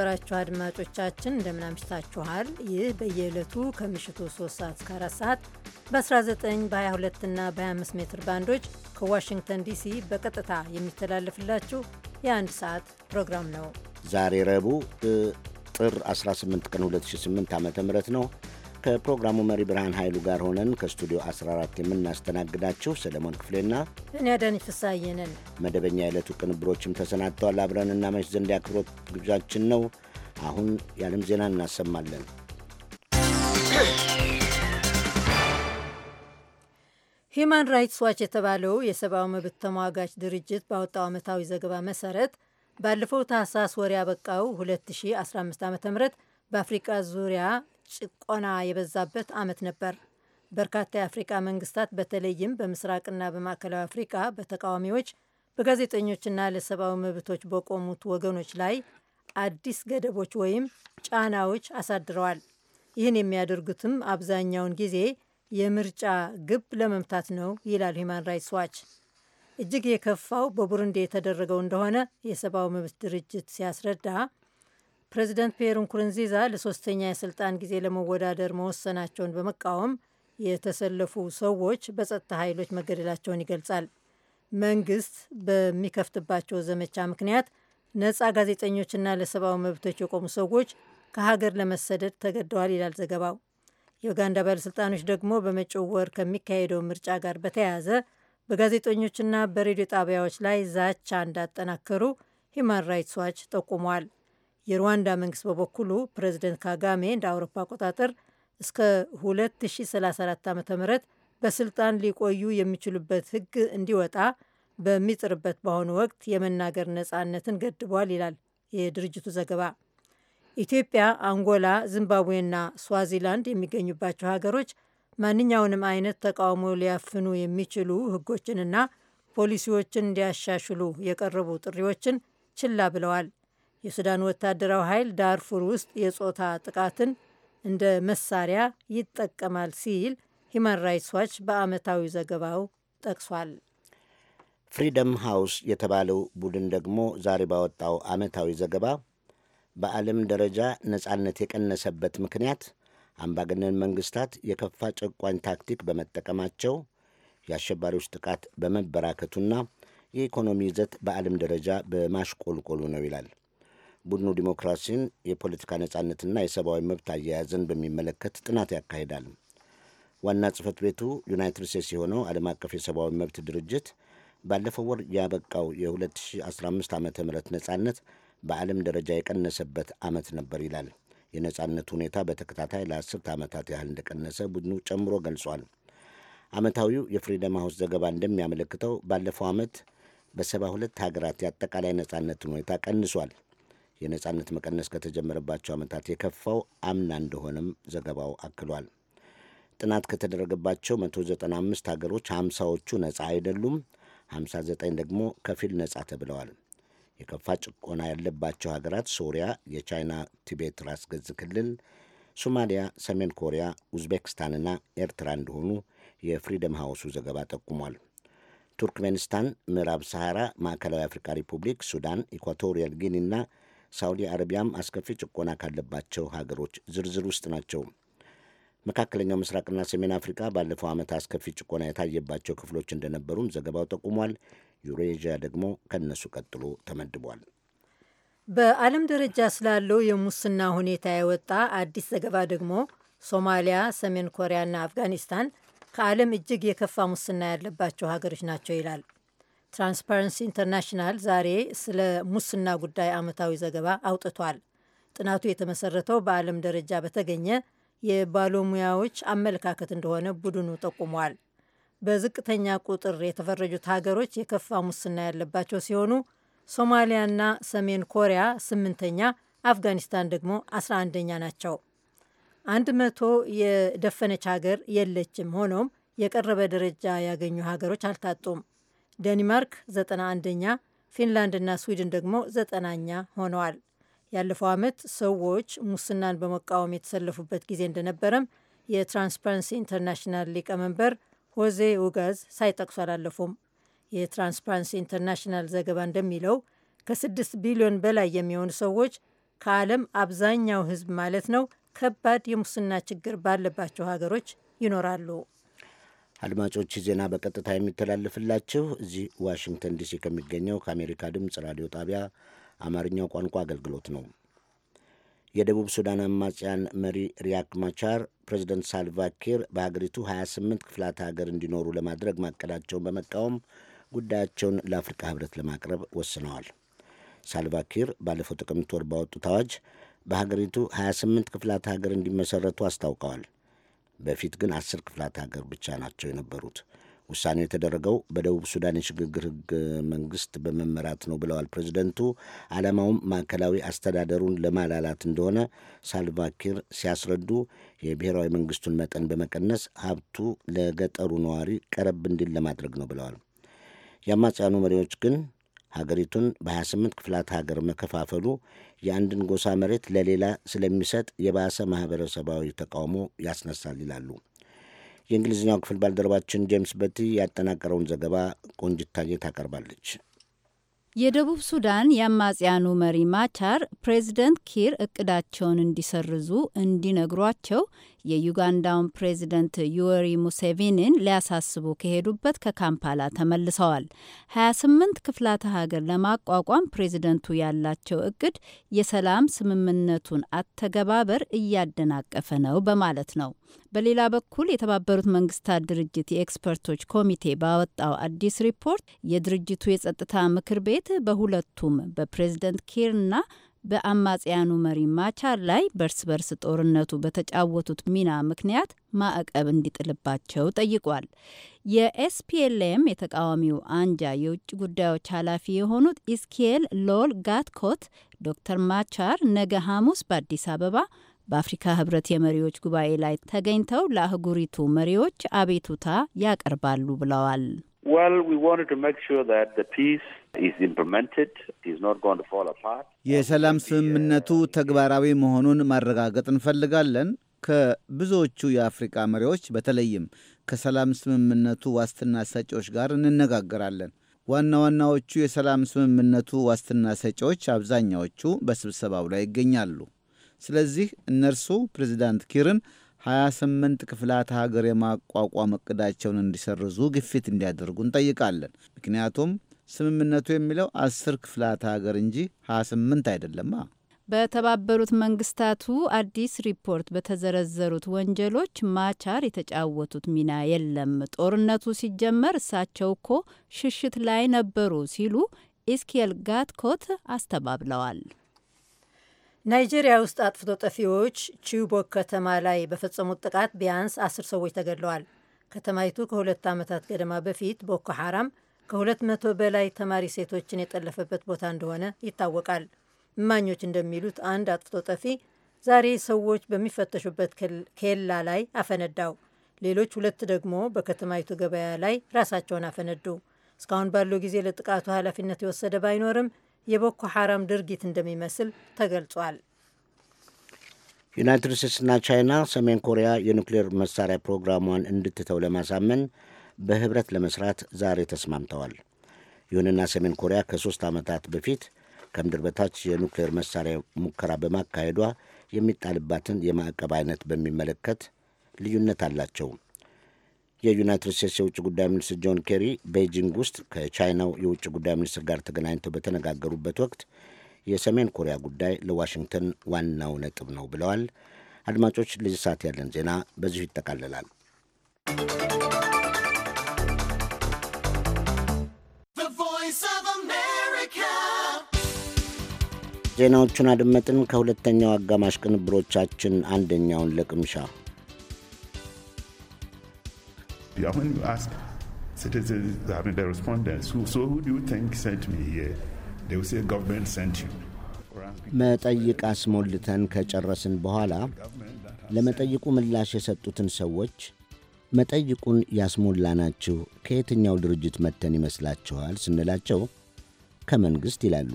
በራችሁ አድማጮቻችን እንደምን አምሽታችኋል። ይህ በየዕለቱ ከምሽቱ 3 ሰዓት እስከ 4 ሰዓት በ19 በ22 እና በ25 ሜትር ባንዶች ከዋሽንግተን ዲሲ በቀጥታ የሚተላለፍላችሁ የአንድ ሰዓት ፕሮግራም ነው። ዛሬ ረቡዕ ጥር 18 ቀን 2008 ም ነው። ከፕሮግራሙ መሪ ብርሃን ኃይሉ ጋር ሆነን ከስቱዲዮ 14 የምናስተናግዳቸው ሰለሞን ክፍሌና እኔ አዳነች ፍስሐዬ ነን። መደበኛ የዕለቱ ቅንብሮችም ተሰናድተዋል። አብረን እናመሽ ዘንድ ያክብሮት ግብዣችን ነው። አሁን የዓለም ዜና እናሰማለን። ሂማን ራይትስ ዋች የተባለው የሰብአዊ መብት ተሟጋች ድርጅት ባወጣው ዓመታዊ ዘገባ መሰረት ባለፈው ታህሳስ ወር ያበቃው 2015 ዓ ም በአፍሪቃ ዙሪያ ጭቆና የበዛበት ዓመት ነበር። በርካታ የአፍሪቃ መንግስታት በተለይም በምስራቅና በማዕከላዊ አፍሪቃ በተቃዋሚዎች በጋዜጠኞችና ለሰብአዊ መብቶች በቆሙት ወገኖች ላይ አዲስ ገደቦች ወይም ጫናዎች አሳድረዋል። ይህን የሚያደርጉትም አብዛኛውን ጊዜ የምርጫ ግብ ለመምታት ነው ይላል ሂማን ራይትስ ዋች። እጅግ የከፋው በቡሩንዲ የተደረገው እንደሆነ የሰብአዊ መብት ድርጅት ሲያስረዳ ፕሬዚደንት ፒየር ንኩርንዚዛ ለሶስተኛ የስልጣን ጊዜ ለመወዳደር መወሰናቸውን በመቃወም የተሰለፉ ሰዎች በጸጥታ ኃይሎች መገደላቸውን ይገልጻል። መንግስት በሚከፍትባቸው ዘመቻ ምክንያት ነጻ ጋዜጠኞችና ለሰብአዊ መብቶች የቆሙ ሰዎች ከሀገር ለመሰደድ ተገደዋል ይላል ዘገባው። የኡጋንዳ ባለሥልጣኖች ደግሞ በመጪው ወር ከሚካሄደው ምርጫ ጋር በተያያዘ በጋዜጠኞችና በሬዲዮ ጣቢያዎች ላይ ዛቻ እንዳጠናከሩ ሂማን ራይትስ ዋች ጠቁሟል። የሩዋንዳ መንግስት በበኩሉ ፕሬዚደንት ካጋሜ እንደ አውሮፓ አቆጣጠር እስከ 2034 ዓ ም በስልጣን ሊቆዩ የሚችሉበት ህግ እንዲወጣ በሚጥርበት በአሁኑ ወቅት የመናገር ነጻነትን ገድቧል ይላል የድርጅቱ ዘገባ። ኢትዮጵያ፣ አንጎላ፣ ዚምባብዌና ስዋዚላንድ የሚገኙባቸው ሀገሮች ማንኛውንም አይነት ተቃውሞ ሊያፍኑ የሚችሉ ህጎችንና ፖሊሲዎችን እንዲያሻሽሉ የቀረቡ ጥሪዎችን ችላ ብለዋል። የሱዳን ወታደራዊ ኃይል ዳርፉር ውስጥ የጾታ ጥቃትን እንደ መሳሪያ ይጠቀማል ሲል ሂማን ራይትስ ዋች በዓመታዊ ዘገባው ጠቅሷል። ፍሪደም ሃውስ የተባለው ቡድን ደግሞ ዛሬ ባወጣው ዓመታዊ ዘገባ በዓለም ደረጃ ነጻነት የቀነሰበት ምክንያት አምባገነን መንግስታት የከፋ ጨቋኝ ታክቲክ በመጠቀማቸው የአሸባሪዎች ጥቃት በመበራከቱና የኢኮኖሚ ይዘት በዓለም ደረጃ በማሽቆልቆሉ ነው ይላል። ቡድኑ ዲሞክራሲን፣ የፖለቲካ ነጻነትና የሰብአዊ መብት አያያዝን በሚመለከት ጥናት ያካሂዳል። ዋና ጽህፈት ቤቱ ዩናይትድ ስቴትስ የሆነው ዓለም አቀፍ የሰብአዊ መብት ድርጅት ባለፈው ወር ያበቃው የ2015 ዓ ም ነጻነት በዓለም ደረጃ የቀነሰበት ዓመት ነበር ይላል። የነፃነት ሁኔታ በተከታታይ ለአስርተ ዓመታት ያህል እንደቀነሰ ቡድኑ ጨምሮ ገልጿል። ዓመታዊው የፍሪደም ሀውስ ዘገባ እንደሚያመለክተው ባለፈው ዓመት በሰባ ሁለት ሀገራት የአጠቃላይ ነጻነት ሁኔታ ቀንሷል። የነጻነት መቀነስ ከተጀመረባቸው ዓመታት የከፋው አምና እንደሆነም ዘገባው አክሏል። ጥናት ከተደረገባቸው 195 ሀገሮች 50ዎቹ ነጻ አይደሉም፣ 59 ደግሞ ከፊል ነጻ ተብለዋል። የከፋ ጭቆና ያለባቸው ሀገራት ሶሪያ፣ የቻይና ቲቤት ራስ ገዝ ክልል፣ ሶማሊያ፣ ሰሜን ኮሪያ፣ ኡዝቤክስታንና ኤርትራ እንደሆኑ የፍሪደም ሃውሱ ዘገባ ጠቁሟል። ቱርክሜኒስታን፣ ምዕራብ ሰሐራ፣ ማዕከላዊ አፍሪካ ሪፑብሊክ፣ ሱዳን፣ ኢኳቶሪያል ጊኒና ሳውዲ አረቢያም አስከፊ ጭቆና ካለባቸው ሀገሮች ዝርዝር ውስጥ ናቸው። መካከለኛው ምስራቅና ሰሜን አፍሪካ ባለፈው ዓመት አስከፊ ጭቆና የታየባቸው ክፍሎች እንደነበሩም ዘገባው ጠቁሟል። ዩሬዥያ ደግሞ ከነሱ ቀጥሎ ተመድቧል። በዓለም ደረጃ ስላለው የሙስና ሁኔታ የወጣ አዲስ ዘገባ ደግሞ ሶማሊያ፣ ሰሜን ኮሪያና አፍጋኒስታን ከዓለም እጅግ የከፋ ሙስና ያለባቸው ሀገሮች ናቸው ይላል። ትራንስፓረንሲ ኢንተርናሽናል ዛሬ ስለ ሙስና ጉዳይ ዓመታዊ ዘገባ አውጥቷል። ጥናቱ የተመሰረተው በዓለም ደረጃ በተገኘ የባለሙያዎች አመለካከት እንደሆነ ቡድኑ ጠቁሟል። በዝቅተኛ ቁጥር የተፈረጁት ሀገሮች የከፋ ሙስና ያለባቸው ሲሆኑ ሶማሊያና ሰሜን ኮሪያ ስምንተኛ፣ አፍጋኒስታን ደግሞ አስራ አንደኛ ናቸው። አንድ መቶ የደፈነች ሀገር የለችም። ሆኖም የቀረበ ደረጃ ያገኙ ሀገሮች አልታጡም። ዴንማርክ 91ኛ፣ ፊንላንድና ስዊድን ደግሞ ዘጠናኛ ሆነዋል። ያለፈው ዓመት ሰዎች ሙስናን በመቃወም የተሰለፉበት ጊዜ እንደነበረም የትራንስፓረንሲ ኢንተርናሽናል ሊቀመንበር ሆዜ ውጋዝ ሳይጠቅሱ አላለፉም። የትራንስፓረንሲ ኢንተርናሽናል ዘገባ እንደሚለው ከስድስት ቢሊዮን በላይ የሚሆኑ ሰዎች ከዓለም አብዛኛው ሕዝብ ማለት ነው ከባድ የሙስና ችግር ባለባቸው ሀገሮች ይኖራሉ። አድማጮች ዜና በቀጥታ የሚተላለፍላችሁ እዚህ ዋሽንግተን ዲሲ ከሚገኘው ከአሜሪካ ድምፅ ራዲዮ ጣቢያ አማርኛው ቋንቋ አገልግሎት ነው። የደቡብ ሱዳን አማጽያን መሪ ሪያክ ማቻር ፕሬዚደንት ሳልቫኪር በሀገሪቱ 28 ክፍላት ሀገር እንዲኖሩ ለማድረግ ማቀዳቸውን በመቃወም ጉዳያቸውን ለአፍሪካ ህብረት ለማቅረብ ወስነዋል። ሳልቫኪር ባለፈው ጥቅምት ወር ባወጡት አዋጅ በሀገሪቱ 28 ክፍላት ሀገር እንዲመሰረቱ አስታውቀዋል። በፊት ግን አስር ክፍላት ሀገር ብቻ ናቸው የነበሩት። ውሳኔው የተደረገው በደቡብ ሱዳን የሽግግር ህገ መንግስት በመመራት ነው ብለዋል ፕሬዚደንቱ። ዓላማውም ማዕከላዊ አስተዳደሩን ለማላላት እንደሆነ ሳልቫኪር ሲያስረዱ የብሔራዊ መንግስቱን መጠን በመቀነስ ሀብቱ ለገጠሩ ነዋሪ ቀረብ እንዲል ለማድረግ ነው ብለዋል። የአማጽያኑ መሪዎች ግን ሀገሪቱን በ28 ክፍላት ሀገር መከፋፈሉ የአንድን ጎሳ መሬት ለሌላ ስለሚሰጥ የባሰ ማኅበረሰባዊ ተቃውሞ ያስነሳል ይላሉ። የእንግሊዝኛው ክፍል ባልደረባችን ጄምስ በቲ ያጠናቀረውን ዘገባ ቆንጅታዬ ታቀርባለች። የደቡብ ሱዳን የአማጽያኑ መሪ ማቻር ፕሬዚደንት ኪር እቅዳቸውን እንዲሰርዙ እንዲነግሯቸው የዩጋንዳውን ፕሬዚደንት ዩወሪ ሙሴቪኒን ሊያሳስቡ ከሄዱበት ከካምፓላ ተመልሰዋል። 28 ክፍላተ ሀገር ለማቋቋም ፕሬዚደንቱ ያላቸው እቅድ የሰላም ስምምነቱን አተገባበር እያደናቀፈ ነው በማለት ነው። በሌላ በኩል የተባበሩት መንግስታት ድርጅት የኤክስፐርቶች ኮሚቴ ባወጣው አዲስ ሪፖርት የድርጅቱ የጸጥታ ምክር ቤት በሁለቱም በፕሬዝደንት ኪርና በአማጽያኑ መሪ ማቻር ላይ በርስ በርስ ጦርነቱ በተጫወቱት ሚና ምክንያት ማዕቀብ እንዲጥልባቸው ጠይቋል። የኤስፒኤልኤም የተቃዋሚው አንጃ የውጭ ጉዳዮች ኃላፊ የሆኑት ኢስኪኤል ሎል ጋትኮት ዶክተር ማቻር ነገ ሐሙስ በአዲስ አበባ በአፍሪካ ህብረት የመሪዎች ጉባኤ ላይ ተገኝተው ለአህጉሪቱ መሪዎች አቤቱታ ያቀርባሉ ብለዋል። የሰላም uh, ስምምነቱ ተግባራዊ መሆኑን ማረጋገጥ እንፈልጋለን። ከብዙዎቹ የአፍሪቃ መሪዎች በተለይም ከሰላም ስምምነቱ ዋስትና ሰጪዎች ጋር እንነጋገራለን። ዋና ዋናዎቹ የሰላም ስምምነቱ ዋስትና ሰጪዎች አብዛኛዎቹ በስብሰባው ላይ ይገኛሉ። ስለዚህ እነርሱ ፕሬዚዳንት ኪርን 28 ክፍላት ሀገር የማቋቋም እቅዳቸውን እንዲሰርዙ ግፊት እንዲያደርጉ እንጠይቃለን። ምክንያቱም ስምምነቱ የሚለው አስር ክፍላት ሀገር እንጂ 28 አይደለማ። በተባበሩት መንግስታቱ አዲስ ሪፖርት በተዘረዘሩት ወንጀሎች ማቻር የተጫወቱት ሚና የለም። ጦርነቱ ሲጀመር እሳቸው እኮ ሽሽት ላይ ነበሩ ሲሉ ኢስኬል ጋትኮት አስተባብለዋል። ናይጄሪያ ውስጥ አጥፍቶ ጠፊዎች ቺቦክ ከተማ ላይ በፈጸሙት ጥቃት ቢያንስ አስር ሰዎች ተገድለዋል። ከተማይቱ ከሁለት ዓመታት ገደማ በፊት ቦኮ ሐራም ከ200 በላይ ተማሪ ሴቶችን የጠለፈበት ቦታ እንደሆነ ይታወቃል። እማኞች እንደሚሉት አንድ አጥፍቶ ጠፊ ዛሬ ሰዎች በሚፈተሹበት ኬላ ላይ አፈነዳው። ሌሎች ሁለት ደግሞ በከተማይቱ ገበያ ላይ ራሳቸውን አፈነዱ። እስካሁን ባለው ጊዜ ለጥቃቱ ኃላፊነት የወሰደ ባይኖርም የቦኮ ሐራም ድርጊት እንደሚመስል ተገልጿል። ዩናይትድ ስቴትስና ቻይና ሰሜን ኮሪያ የኒውክሌር መሳሪያ ፕሮግራሟን እንድትተው ለማሳመን በህብረት ለመስራት ዛሬ ተስማምተዋል። ይሁንና ሰሜን ኮሪያ ከሦስት ዓመታት በፊት ከምድር በታች የኑክሌር መሳሪያ ሙከራ በማካሄዷ የሚጣልባትን የማዕቀብ አይነት በሚመለከት ልዩነት አላቸው። የዩናይትድ ስቴትስ የውጭ ጉዳይ ሚኒስትር ጆን ኬሪ ቤጂንግ ውስጥ ከቻይናው የውጭ ጉዳይ ሚኒስትር ጋር ተገናኝተው በተነጋገሩበት ወቅት የሰሜን ኮሪያ ጉዳይ ለዋሽንግተን ዋናው ነጥብ ነው ብለዋል። አድማጮች፣ ለዚህ ሰዓት ያለን ዜና በዚሁ ይጠቃልላል። ዜናዎቹን አድመጥን። ከሁለተኛው አጋማሽ ቅንብሮቻችን አንደኛውን ለቅምሻ መጠይቅ አስሞልተን ከጨረስን በኋላ ለመጠይቁ ምላሽ የሰጡትን ሰዎች መጠይቁን ያስሞላናችሁ ከየትኛው ድርጅት መጥተን ይመስላችኋል ስንላቸው ከመንግሥት ይላሉ።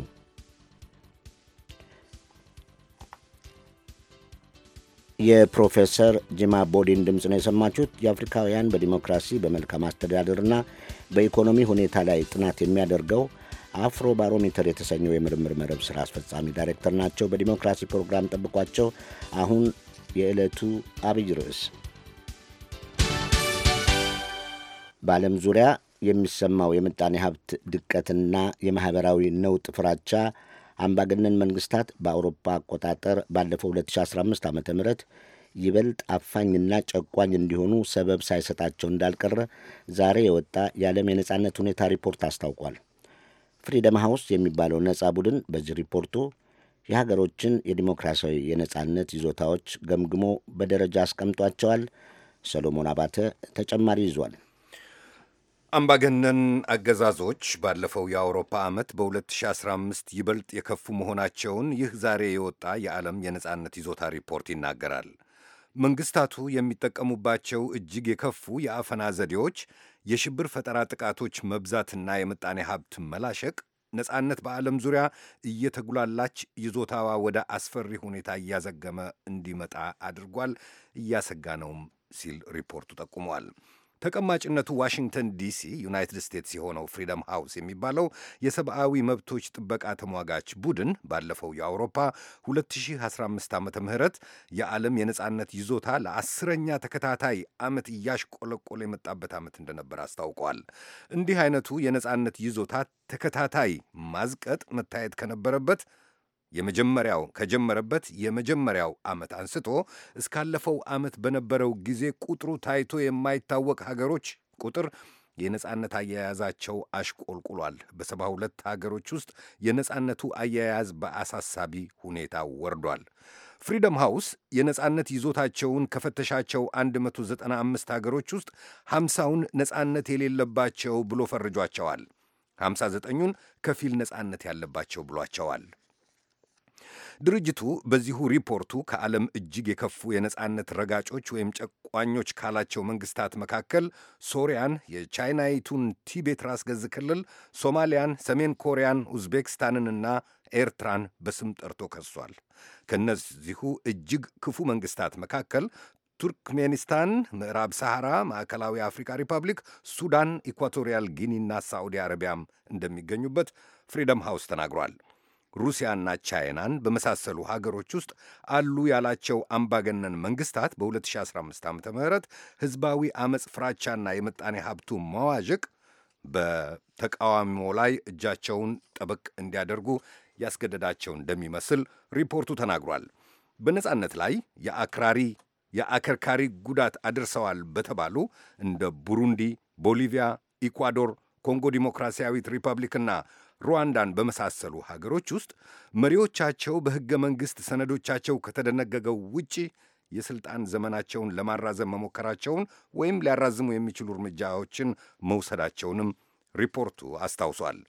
የፕሮፌሰር ጂማ ቦዲን ድምፅ ነው የሰማችሁት። የአፍሪካውያን በዲሞክራሲ በመልካም አስተዳደርና በኢኮኖሚ ሁኔታ ላይ ጥናት የሚያደርገው አፍሮ ባሮሜተር የተሰኘው የምርምር መረብ ስራ አስፈጻሚ ዳይሬክተር ናቸው። በዲሞክራሲ ፕሮግራም ጠብቋቸው። አሁን የዕለቱ አብይ ርዕስ በዓለም ዙሪያ የሚሰማው የምጣኔ ሀብት ድቀትና የማኅበራዊ ነውጥ ፍራቻ አምባገነን መንግስታት በአውሮፓ አቆጣጠር ባለፈው 2015 ዓ ም ይበልጥ አፋኝና ጨቋኝ እንዲሆኑ ሰበብ ሳይሰጣቸው እንዳልቀረ ዛሬ የወጣ የዓለም የነጻነት ሁኔታ ሪፖርት አስታውቋል። ፍሪደም ሃውስ የሚባለው ነጻ ቡድን በዚህ ሪፖርቱ የሀገሮችን የዲሞክራሲያዊ የነጻነት ይዞታዎች ገምግሞ በደረጃ አስቀምጧቸዋል። ሰሎሞን አባተ ተጨማሪ ይዟል። አምባገነን አገዛዞች ባለፈው የአውሮፓ ዓመት በ2015 ይበልጥ የከፉ መሆናቸውን ይህ ዛሬ የወጣ የዓለም የነጻነት ይዞታ ሪፖርት ይናገራል። መንግስታቱ የሚጠቀሙባቸው እጅግ የከፉ የአፈና ዘዴዎች፣ የሽብር ፈጠራ ጥቃቶች መብዛትና የምጣኔ ሀብት መላሸቅ ነጻነት በዓለም ዙሪያ እየተጉላላች ይዞታዋ ወደ አስፈሪ ሁኔታ እያዘገመ እንዲመጣ አድርጓል፣ እያሰጋ ነውም ሲል ሪፖርቱ ጠቁመዋል። ተቀማጭነቱ ዋሽንግተን ዲሲ ዩናይትድ ስቴትስ የሆነው ፍሪደም ሃውስ የሚባለው የሰብአዊ መብቶች ጥበቃ ተሟጋች ቡድን ባለፈው የአውሮፓ 2015 ዓ ም የዓለም የነጻነት ይዞታ ለአስረኛ ተከታታይ ዓመት እያሽቆለቆለ የመጣበት ዓመት እንደነበር አስታውቋል። እንዲህ አይነቱ የነጻነት ይዞታ ተከታታይ ማዝቀጥ መታየት ከነበረበት የመጀመሪያው ከጀመረበት የመጀመሪያው ዓመት አንስቶ እስካለፈው ዓመት በነበረው ጊዜ ቁጥሩ ታይቶ የማይታወቅ ሀገሮች ቁጥር የነጻነት አያያዛቸው አሽቆልቁሏል። በሰባ ሁለት ሀገሮች ውስጥ የነጻነቱ አያያዝ በአሳሳቢ ሁኔታ ወርዷል። ፍሪደም ሃውስ የነጻነት ይዞታቸውን ከፈተሻቸው 195 ሀገሮች ውስጥ 50ውን ነጻነት የሌለባቸው ብሎ ፈርጇቸዋል። 59ኙን ከፊል ነጻነት ያለባቸው ብሏቸዋል። ድርጅቱ በዚሁ ሪፖርቱ ከዓለም እጅግ የከፉ የነጻነት ረጋጮች ወይም ጨቋኞች ካላቸው መንግስታት መካከል ሶሪያን፣ የቻይናይቱን ቲቤት ራስ ገዝ ክልል፣ ሶማሊያን፣ ሰሜን ኮሪያን፣ ኡዝቤክስታንንና ኤርትራን በስም ጠርቶ ከሷል። ከነዚሁ እጅግ ክፉ መንግስታት መካከል ቱርክሜኒስታን፣ ምዕራብ ሰሐራ፣ ማዕከላዊ አፍሪካ ሪፐብሊክ፣ ሱዳን፣ ኢኳቶሪያል ጊኒና ሳዑዲ አረቢያም እንደሚገኙበት ፍሪደም ሃውስ ተናግሯል። ሩሲያና ቻይናን በመሳሰሉ ሀገሮች ውስጥ አሉ ያላቸው አምባገነን መንግስታት በ2015 ዓ ም ህዝባዊ አመፅ ፍራቻና የምጣኔ ሀብቱ መዋዠቅ በተቃዋሚሞ ላይ እጃቸውን ጠበቅ እንዲያደርጉ ያስገደዳቸው እንደሚመስል ሪፖርቱ ተናግሯል። በነጻነት ላይ የአክራሪ የአከርካሪ ጉዳት አድርሰዋል በተባሉ እንደ ቡሩንዲ፣ ቦሊቪያ፣ ኢኳዶር፣ ኮንጎ ዲሞክራሲያዊት ሪፐብሊክና ሩዋንዳን በመሳሰሉ ሀገሮች ውስጥ መሪዎቻቸው በሕገ መንግሥት ሰነዶቻቸው ከተደነገገው ውጪ የሥልጣን ዘመናቸውን ለማራዘም መሞከራቸውን ወይም ሊያራዝሙ የሚችሉ እርምጃዎችን መውሰዳቸውንም ሪፖርቱ አስታውሷል።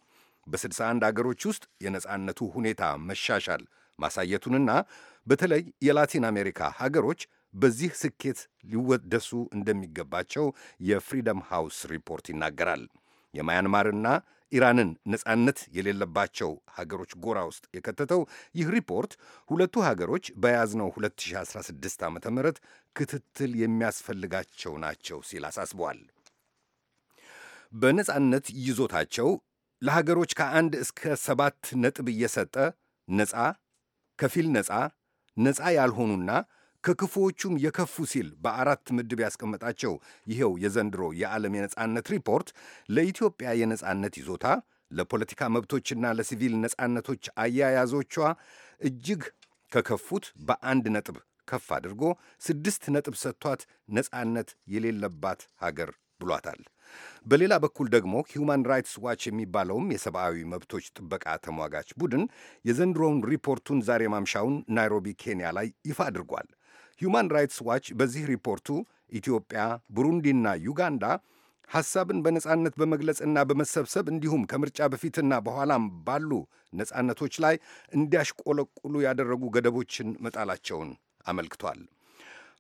በ61 አገሮች ውስጥ የነጻነቱ ሁኔታ መሻሻል ማሳየቱንና በተለይ የላቲን አሜሪካ ሀገሮች በዚህ ስኬት ሊወደሱ እንደሚገባቸው የፍሪደም ሃውስ ሪፖርት ይናገራል። የማያንማርና ኢራንን ነጻነት የሌለባቸው ሀገሮች ጎራ ውስጥ የከተተው ይህ ሪፖርት ሁለቱ ሀገሮች በያዝነው 2016 ዓ ም ክትትል የሚያስፈልጋቸው ናቸው ሲል አሳስበዋል። በነጻነት ይዞታቸው ለሀገሮች ከአንድ እስከ ሰባት ነጥብ እየሰጠ ነጻ፣ ከፊል ነጻ፣ ነጻ ያልሆኑና ከክፉዎቹም የከፉ ሲል በአራት ምድብ ያስቀመጣቸው ይኸው የዘንድሮ የዓለም የነጻነት ሪፖርት ለኢትዮጵያ የነጻነት ይዞታ፣ ለፖለቲካ መብቶችና ለሲቪል ነጻነቶች አያያዞቿ እጅግ ከከፉት በአንድ ነጥብ ከፍ አድርጎ ስድስት ነጥብ ሰጥቷት ነጻነት የሌለባት ሀገር ብሏታል። በሌላ በኩል ደግሞ ሂውማን ራይትስ ዋች የሚባለውም የሰብአዊ መብቶች ጥበቃ ተሟጋች ቡድን የዘንድሮውን ሪፖርቱን ዛሬ ማምሻውን ናይሮቢ ኬንያ ላይ ይፋ አድርጓል። ሁማን ራይትስ ዋች በዚህ ሪፖርቱ ኢትዮጵያ፣ ቡሩንዲና ዩጋንዳ ሐሳብን በነጻነት በመግለጽና በመሰብሰብ እንዲሁም ከምርጫ በፊትና በኋላም ባሉ ነጻነቶች ላይ እንዲያሽቆለቁሉ ያደረጉ ገደቦችን መጣላቸውን አመልክቷል።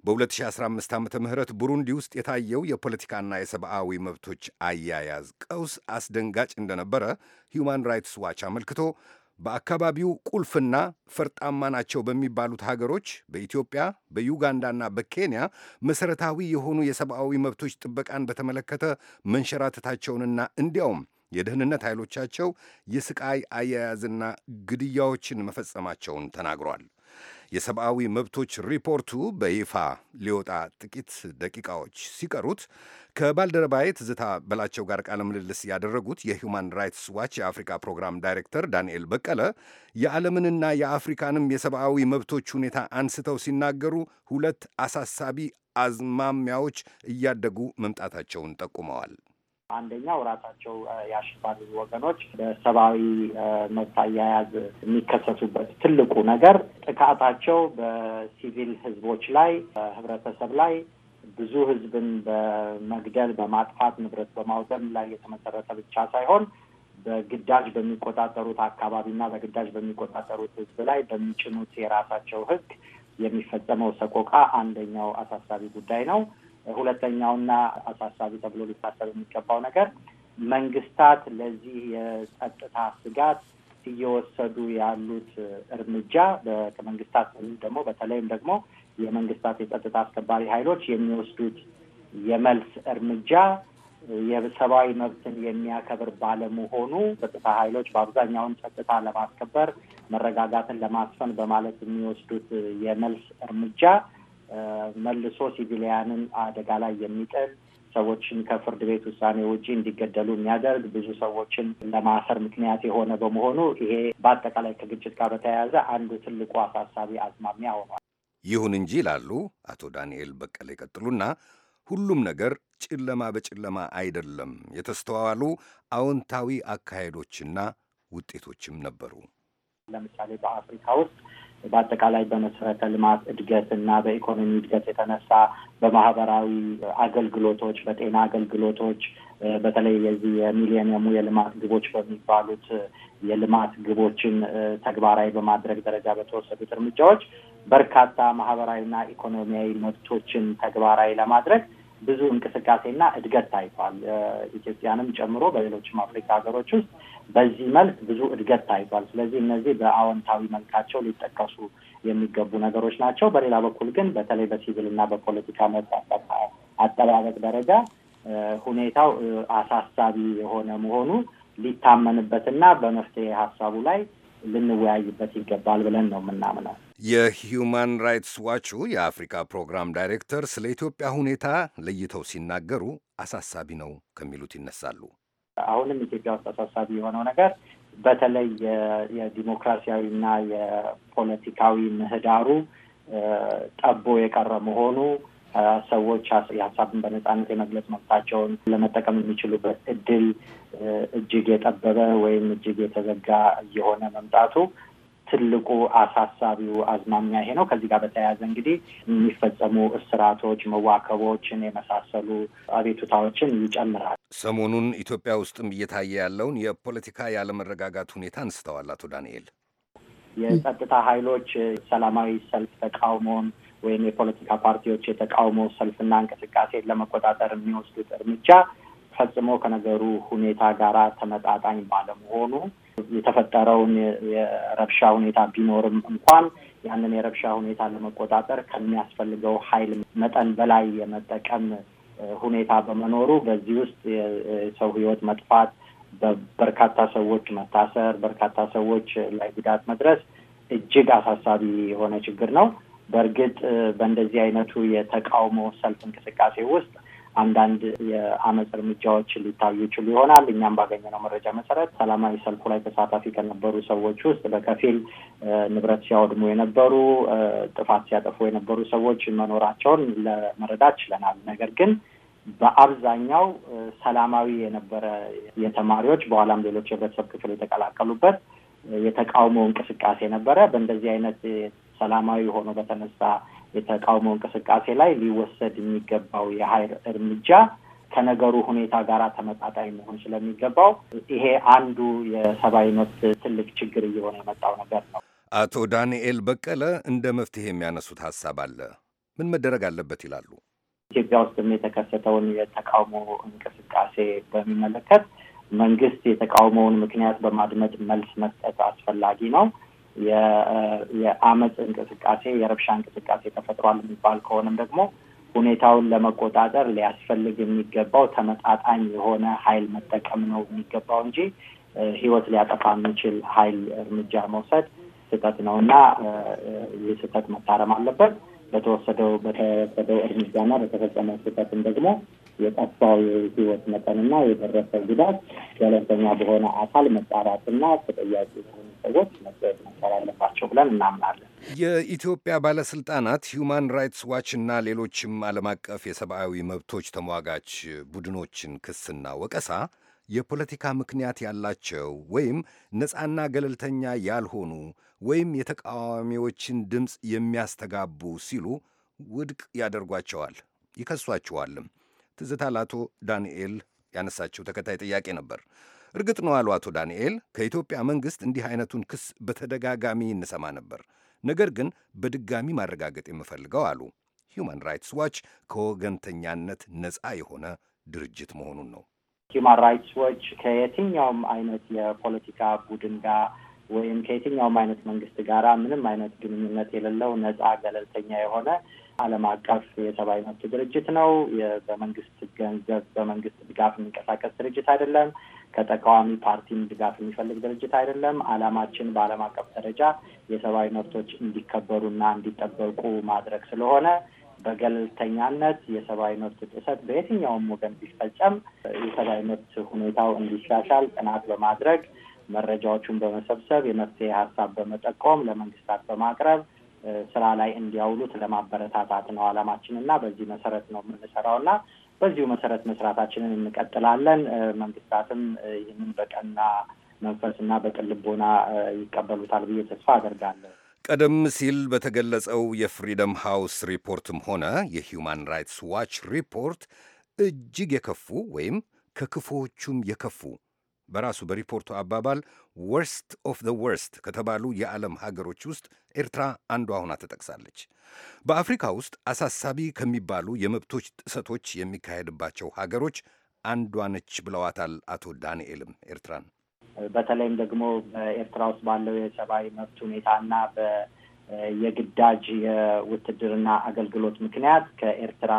በ2015 ዓ ም ቡሩንዲ ውስጥ የታየው የፖለቲካና የሰብአዊ መብቶች አያያዝ ቀውስ አስደንጋጭ እንደነበረ ሁማን ራይትስ ዋች አመልክቶ በአካባቢው ቁልፍና ፈርጣማ ናቸው በሚባሉት ሀገሮች በኢትዮጵያ በዩጋንዳና በኬንያ መሠረታዊ የሆኑ የሰብአዊ መብቶች ጥበቃን በተመለከተ መንሸራተታቸውንና እንዲያውም የደህንነት ኃይሎቻቸው የስቃይ አያያዝና ግድያዎችን መፈጸማቸውን ተናግሯል። የሰብአዊ መብቶች ሪፖርቱ በይፋ ሊወጣ ጥቂት ደቂቃዎች ሲቀሩት ከባልደረባዬ ትዝታ በላቸው ጋር ቃለ ምልልስ ያደረጉት የሁማን ራይትስ ዋች የአፍሪካ ፕሮግራም ዳይሬክተር ዳንኤል በቀለ የዓለምንና የአፍሪካንም የሰብአዊ መብቶች ሁኔታ አንስተው ሲናገሩ ሁለት አሳሳቢ አዝማሚያዎች እያደጉ መምጣታቸውን ጠቁመዋል። አንደኛው ራሳቸው የአሸባሪ ወገኖች በሰብአዊ መብት አያያዝ የሚከሰሱበት ትልቁ ነገር ጥቃታቸው በሲቪል ህዝቦች ላይ በህብረተሰብ ላይ ብዙ ህዝብን በመግደል በማጥፋት ንብረት በማውደም ላይ የተመሰረተ ብቻ ሳይሆን በግዳጅ በሚቆጣጠሩት አካባቢና በግዳጅ በሚቆጣጠሩት ህዝብ ላይ በሚጭኑት የራሳቸው ህግ የሚፈጸመው ሰቆቃ አንደኛው አሳሳቢ ጉዳይ ነው። ሁለተኛውና አሳሳቢ ተብሎ ሊታሰብ የሚገባው ነገር መንግስታት ለዚህ የጸጥታ ስጋት እየወሰዱ ያሉት እርምጃ ከመንግስታት ወይም ደግሞ በተለይም ደግሞ የመንግስታት የጸጥታ አስከባሪ ኃይሎች የሚወስዱት የመልስ እርምጃ የሰብአዊ መብትን የሚያከብር ባለመሆኑ ጸጥታ ኃይሎች በአብዛኛውን ጸጥታ ለማስከበር መረጋጋትን ለማስፈን በማለት የሚወስዱት የመልስ እርምጃ መልሶ ሲቪሊያንን አደጋ ላይ የሚጥል ሰዎችን ከፍርድ ቤት ውሳኔ ውጪ እንዲገደሉ የሚያደርግ ብዙ ሰዎችን ለማሰር ምክንያት የሆነ በመሆኑ ይሄ በአጠቃላይ ከግጭት ጋር በተያያዘ አንዱ ትልቁ አሳሳቢ አዝማሚያ ሆኗል። ይሁን እንጂ ይላሉ አቶ ዳንኤል በቀለ ይቀጥሉና ሁሉም ነገር ጨለማ በጨለማ አይደለም፣ የተስተዋሉ አዎንታዊ አካሄዶችና ውጤቶችም ነበሩ። ለምሳሌ በአፍሪካ ውስጥ በአጠቃላይ በመሰረተ ልማት እድገት እና በኢኮኖሚ እድገት የተነሳ በማህበራዊ አገልግሎቶች፣ በጤና አገልግሎቶች በተለይ የዚህ የሚሊኒየሙ የልማት ግቦች በሚባሉት የልማት ግቦችን ተግባራዊ በማድረግ ደረጃ በተወሰዱት እርምጃዎች በርካታ ማህበራዊና ኢኮኖሚያዊ መብቶችን ተግባራዊ ለማድረግ ብዙ እንቅስቃሴና እድገት ታይቷል። ኢትዮጵያንም ጨምሮ በሌሎችም አፍሪካ ሀገሮች ውስጥ በዚህ መልክ ብዙ እድገት ታይቷል። ስለዚህ እነዚህ በአዎንታዊ መልካቸው ሊጠቀሱ የሚገቡ ነገሮች ናቸው። በሌላ በኩል ግን በተለይ በሲቪል እና በፖለቲካ አጠባበቅ ደረጃ ሁኔታው አሳሳቢ የሆነ መሆኑ ሊታመንበትና በመፍትሄ ሀሳቡ ላይ ልንወያይበት ይገባል ብለን ነው የምናምነው። የሂዩማን ራይትስ ዋቹ የአፍሪካ ፕሮግራም ዳይሬክተር ስለ ኢትዮጵያ ሁኔታ ለይተው ሲናገሩ አሳሳቢ ነው ከሚሉት ይነሳሉ። አሁንም ኢትዮጵያ ውስጥ አሳሳቢ የሆነው ነገር በተለይ የዲሞክራሲያዊና የፖለቲካዊ ምህዳሩ ጠቦ የቀረ መሆኑ ሰዎች የሀሳብን በነጻነት የመግለጽ መብታቸውን ለመጠቀም የሚችሉበት እድል እጅግ የጠበበ ወይም እጅግ የተዘጋ እየሆነ መምጣቱ ትልቁ አሳሳቢው አዝማሚያ ይሄ ነው። ከዚህ ጋር በተያያዘ እንግዲህ የሚፈጸሙ እስራቶች፣ መዋከቦችን የመሳሰሉ አቤቱታዎችን ይጨምራል። ሰሞኑን ኢትዮጵያ ውስጥም እየታየ ያለውን የፖለቲካ ያለመረጋጋት ሁኔታ አንስተዋል አቶ ዳንኤል። የጸጥታ ኃይሎች ሰላማዊ ሰልፍ ተቃውሞን ወይም የፖለቲካ ፓርቲዎች የተቃውሞ ሰልፍና እንቅስቃሴን ለመቆጣጠር የሚወስዱት እርምጃ ፈጽሞ ከነገሩ ሁኔታ ጋር ተመጣጣኝ ባለመሆኑ የተፈጠረውን የረብሻ ሁኔታ ቢኖርም እንኳን ያንን የረብሻ ሁኔታ ለመቆጣጠር ከሚያስፈልገው ኃይል መጠን በላይ የመጠቀም ሁኔታ በመኖሩ በዚህ ውስጥ የሰው ሕይወት መጥፋት፣ በርካታ ሰዎች መታሰር፣ በርካታ ሰዎች ላይ ጉዳት መድረስ እጅግ አሳሳቢ የሆነ ችግር ነው። በእርግጥ በእንደዚህ አይነቱ የተቃውሞ ሰልፍ እንቅስቃሴ ውስጥ አንዳንድ የአመፅ እርምጃዎች ሊታዩ ይችሉ ይሆናል። እኛም ባገኘነው መረጃ መሰረት ሰላማዊ ሰልፉ ላይ ተሳታፊ ከነበሩ ሰዎች ውስጥ በከፊል ንብረት ሲያወድሙ የነበሩ፣ ጥፋት ሲያጠፉ የነበሩ ሰዎች መኖራቸውን ለመረዳት ችለናል። ነገር ግን በአብዛኛው ሰላማዊ የነበረ የተማሪዎች በኋላም ሌሎች የህብረተሰብ ክፍል የተቀላቀሉበት የተቃውሞ እንቅስቃሴ ነበረ። በእንደዚህ አይነት ሰላማዊ ሆኖ በተነሳ የተቃውሞ እንቅስቃሴ ላይ ሊወሰድ የሚገባው የሀይል እርምጃ ከነገሩ ሁኔታ ጋር ተመጣጣኝ መሆን ስለሚገባው ይሄ አንዱ የሰብአዊ መብት ትልቅ ችግር እየሆነ የመጣው ነገር ነው። አቶ ዳንኤል በቀለ እንደ መፍትሄ የሚያነሱት ሀሳብ አለ። ምን መደረግ አለበት ይላሉ? ኢትዮጵያ ውስጥም የተከሰተውን የተቃውሞ እንቅስቃሴ በሚመለከት መንግስት የተቃውሞውን ምክንያት በማድመጥ መልስ መስጠት አስፈላጊ ነው። የአመፅ እንቅስቃሴ፣ የረብሻ እንቅስቃሴ ተፈጥሯል የሚባል ከሆነም ደግሞ ሁኔታውን ለመቆጣጠር ሊያስፈልግ የሚገባው ተመጣጣኝ የሆነ ኃይል መጠቀም ነው የሚገባው እንጂ ህይወት ሊያጠፋ የሚችል ኃይል እርምጃ መውሰድ ስህተት ነው እና ይህ ስህተት መታረም አለበት። በተወሰደው በተወሰደው እርምጃና በተፈጸመው ስህተትም ደግሞ የጠፋው ህይወት መጠንና የደረሰ ጉዳት ገለልተኛ በሆነ አካል መጣራትና ተጠያቂ የሆኑ ሰዎች መጠየቅ መቻል አለባቸው ብለን እናምናለን። የኢትዮጵያ ባለስልጣናት ሁማን ራይትስ ዋች እና ሌሎችም ዓለም አቀፍ የሰብአዊ መብቶች ተሟጋች ቡድኖችን ክስና ወቀሳ የፖለቲካ ምክንያት ያላቸው ወይም ነፃና ገለልተኛ ያልሆኑ ወይም የተቃዋሚዎችን ድምፅ የሚያስተጋቡ ሲሉ ውድቅ ያደርጓቸዋል፣ ይከሷቸዋልም። ትዝታ ለአቶ ዳንኤል ያነሳቸው ተከታይ ጥያቄ ነበር። እርግጥ ነው አሉ አቶ ዳንኤል፣ ከኢትዮጵያ መንግሥት እንዲህ አይነቱን ክስ በተደጋጋሚ እንሰማ ነበር። ነገር ግን በድጋሚ ማረጋገጥ የምፈልገው አሉ ሂውማን ራይትስ ዋች ከወገንተኛነት ነፃ የሆነ ድርጅት መሆኑን ነው። ሂውማን ራይትስ ዋች ከየትኛውም አይነት የፖለቲካ ቡድን ጋር ወይም ከየትኛውም አይነት መንግስት ጋራ ምንም አይነት ግንኙነት የሌለው ነፃ ገለልተኛ የሆነ ዓለም አቀፍ የሰብአዊ መብት ድርጅት ነው። በመንግስት ገንዘብ በመንግስት ድጋፍ የሚንቀሳቀስ ድርጅት አይደለም። ከተቃዋሚ ፓርቲም ድጋፍ የሚፈልግ ድርጅት አይደለም። ዓላማችን በዓለም አቀፍ ደረጃ የሰብአዊ መብቶች እንዲከበሩና እንዲጠበቁ ማድረግ ስለሆነ በገለልተኛነት የሰብአዊ መብት ጥሰት በየትኛውም ወገን ቢፈጸም የሰብአዊ መብት ሁኔታው እንዲሻሻል ጥናት በማድረግ መረጃዎቹን በመሰብሰብ የመፍትሄ ሀሳብ በመጠቆም ለመንግስታት በማቅረብ ስራ ላይ እንዲያውሉት ለማበረታታት ነው አላማችን እና በዚህ መሰረት ነው የምንሰራው እና በዚሁ መሰረት መስራታችንን እንቀጥላለን። መንግስታትም ይህንን በቀና መንፈስ እና በቅን ልቦና ይቀበሉታል ብዬ ተስፋ አደርጋለሁ። ቀደም ሲል በተገለጸው የፍሪደም ሃውስ ሪፖርትም ሆነ የሂውማን ራይትስ ዋች ሪፖርት እጅግ የከፉ ወይም ከክፉዎቹም የከፉ በራሱ በሪፖርቱ አባባል ወርስት ኦፍ ዘ ወርስት ከተባሉ የዓለም ሀገሮች ውስጥ ኤርትራ አንዷ ሆና ተጠቅሳለች። በአፍሪካ ውስጥ አሳሳቢ ከሚባሉ የመብቶች ጥሰቶች የሚካሄድባቸው ሀገሮች አንዷ ነች ብለዋታል አቶ ዳንኤልም ኤርትራን በተለይም ደግሞ በኤርትራ ውስጥ ባለው የሰብአዊ መብት ሁኔታና በየግዳጅ የውትድርና አገልግሎት ምክንያት ከኤርትራ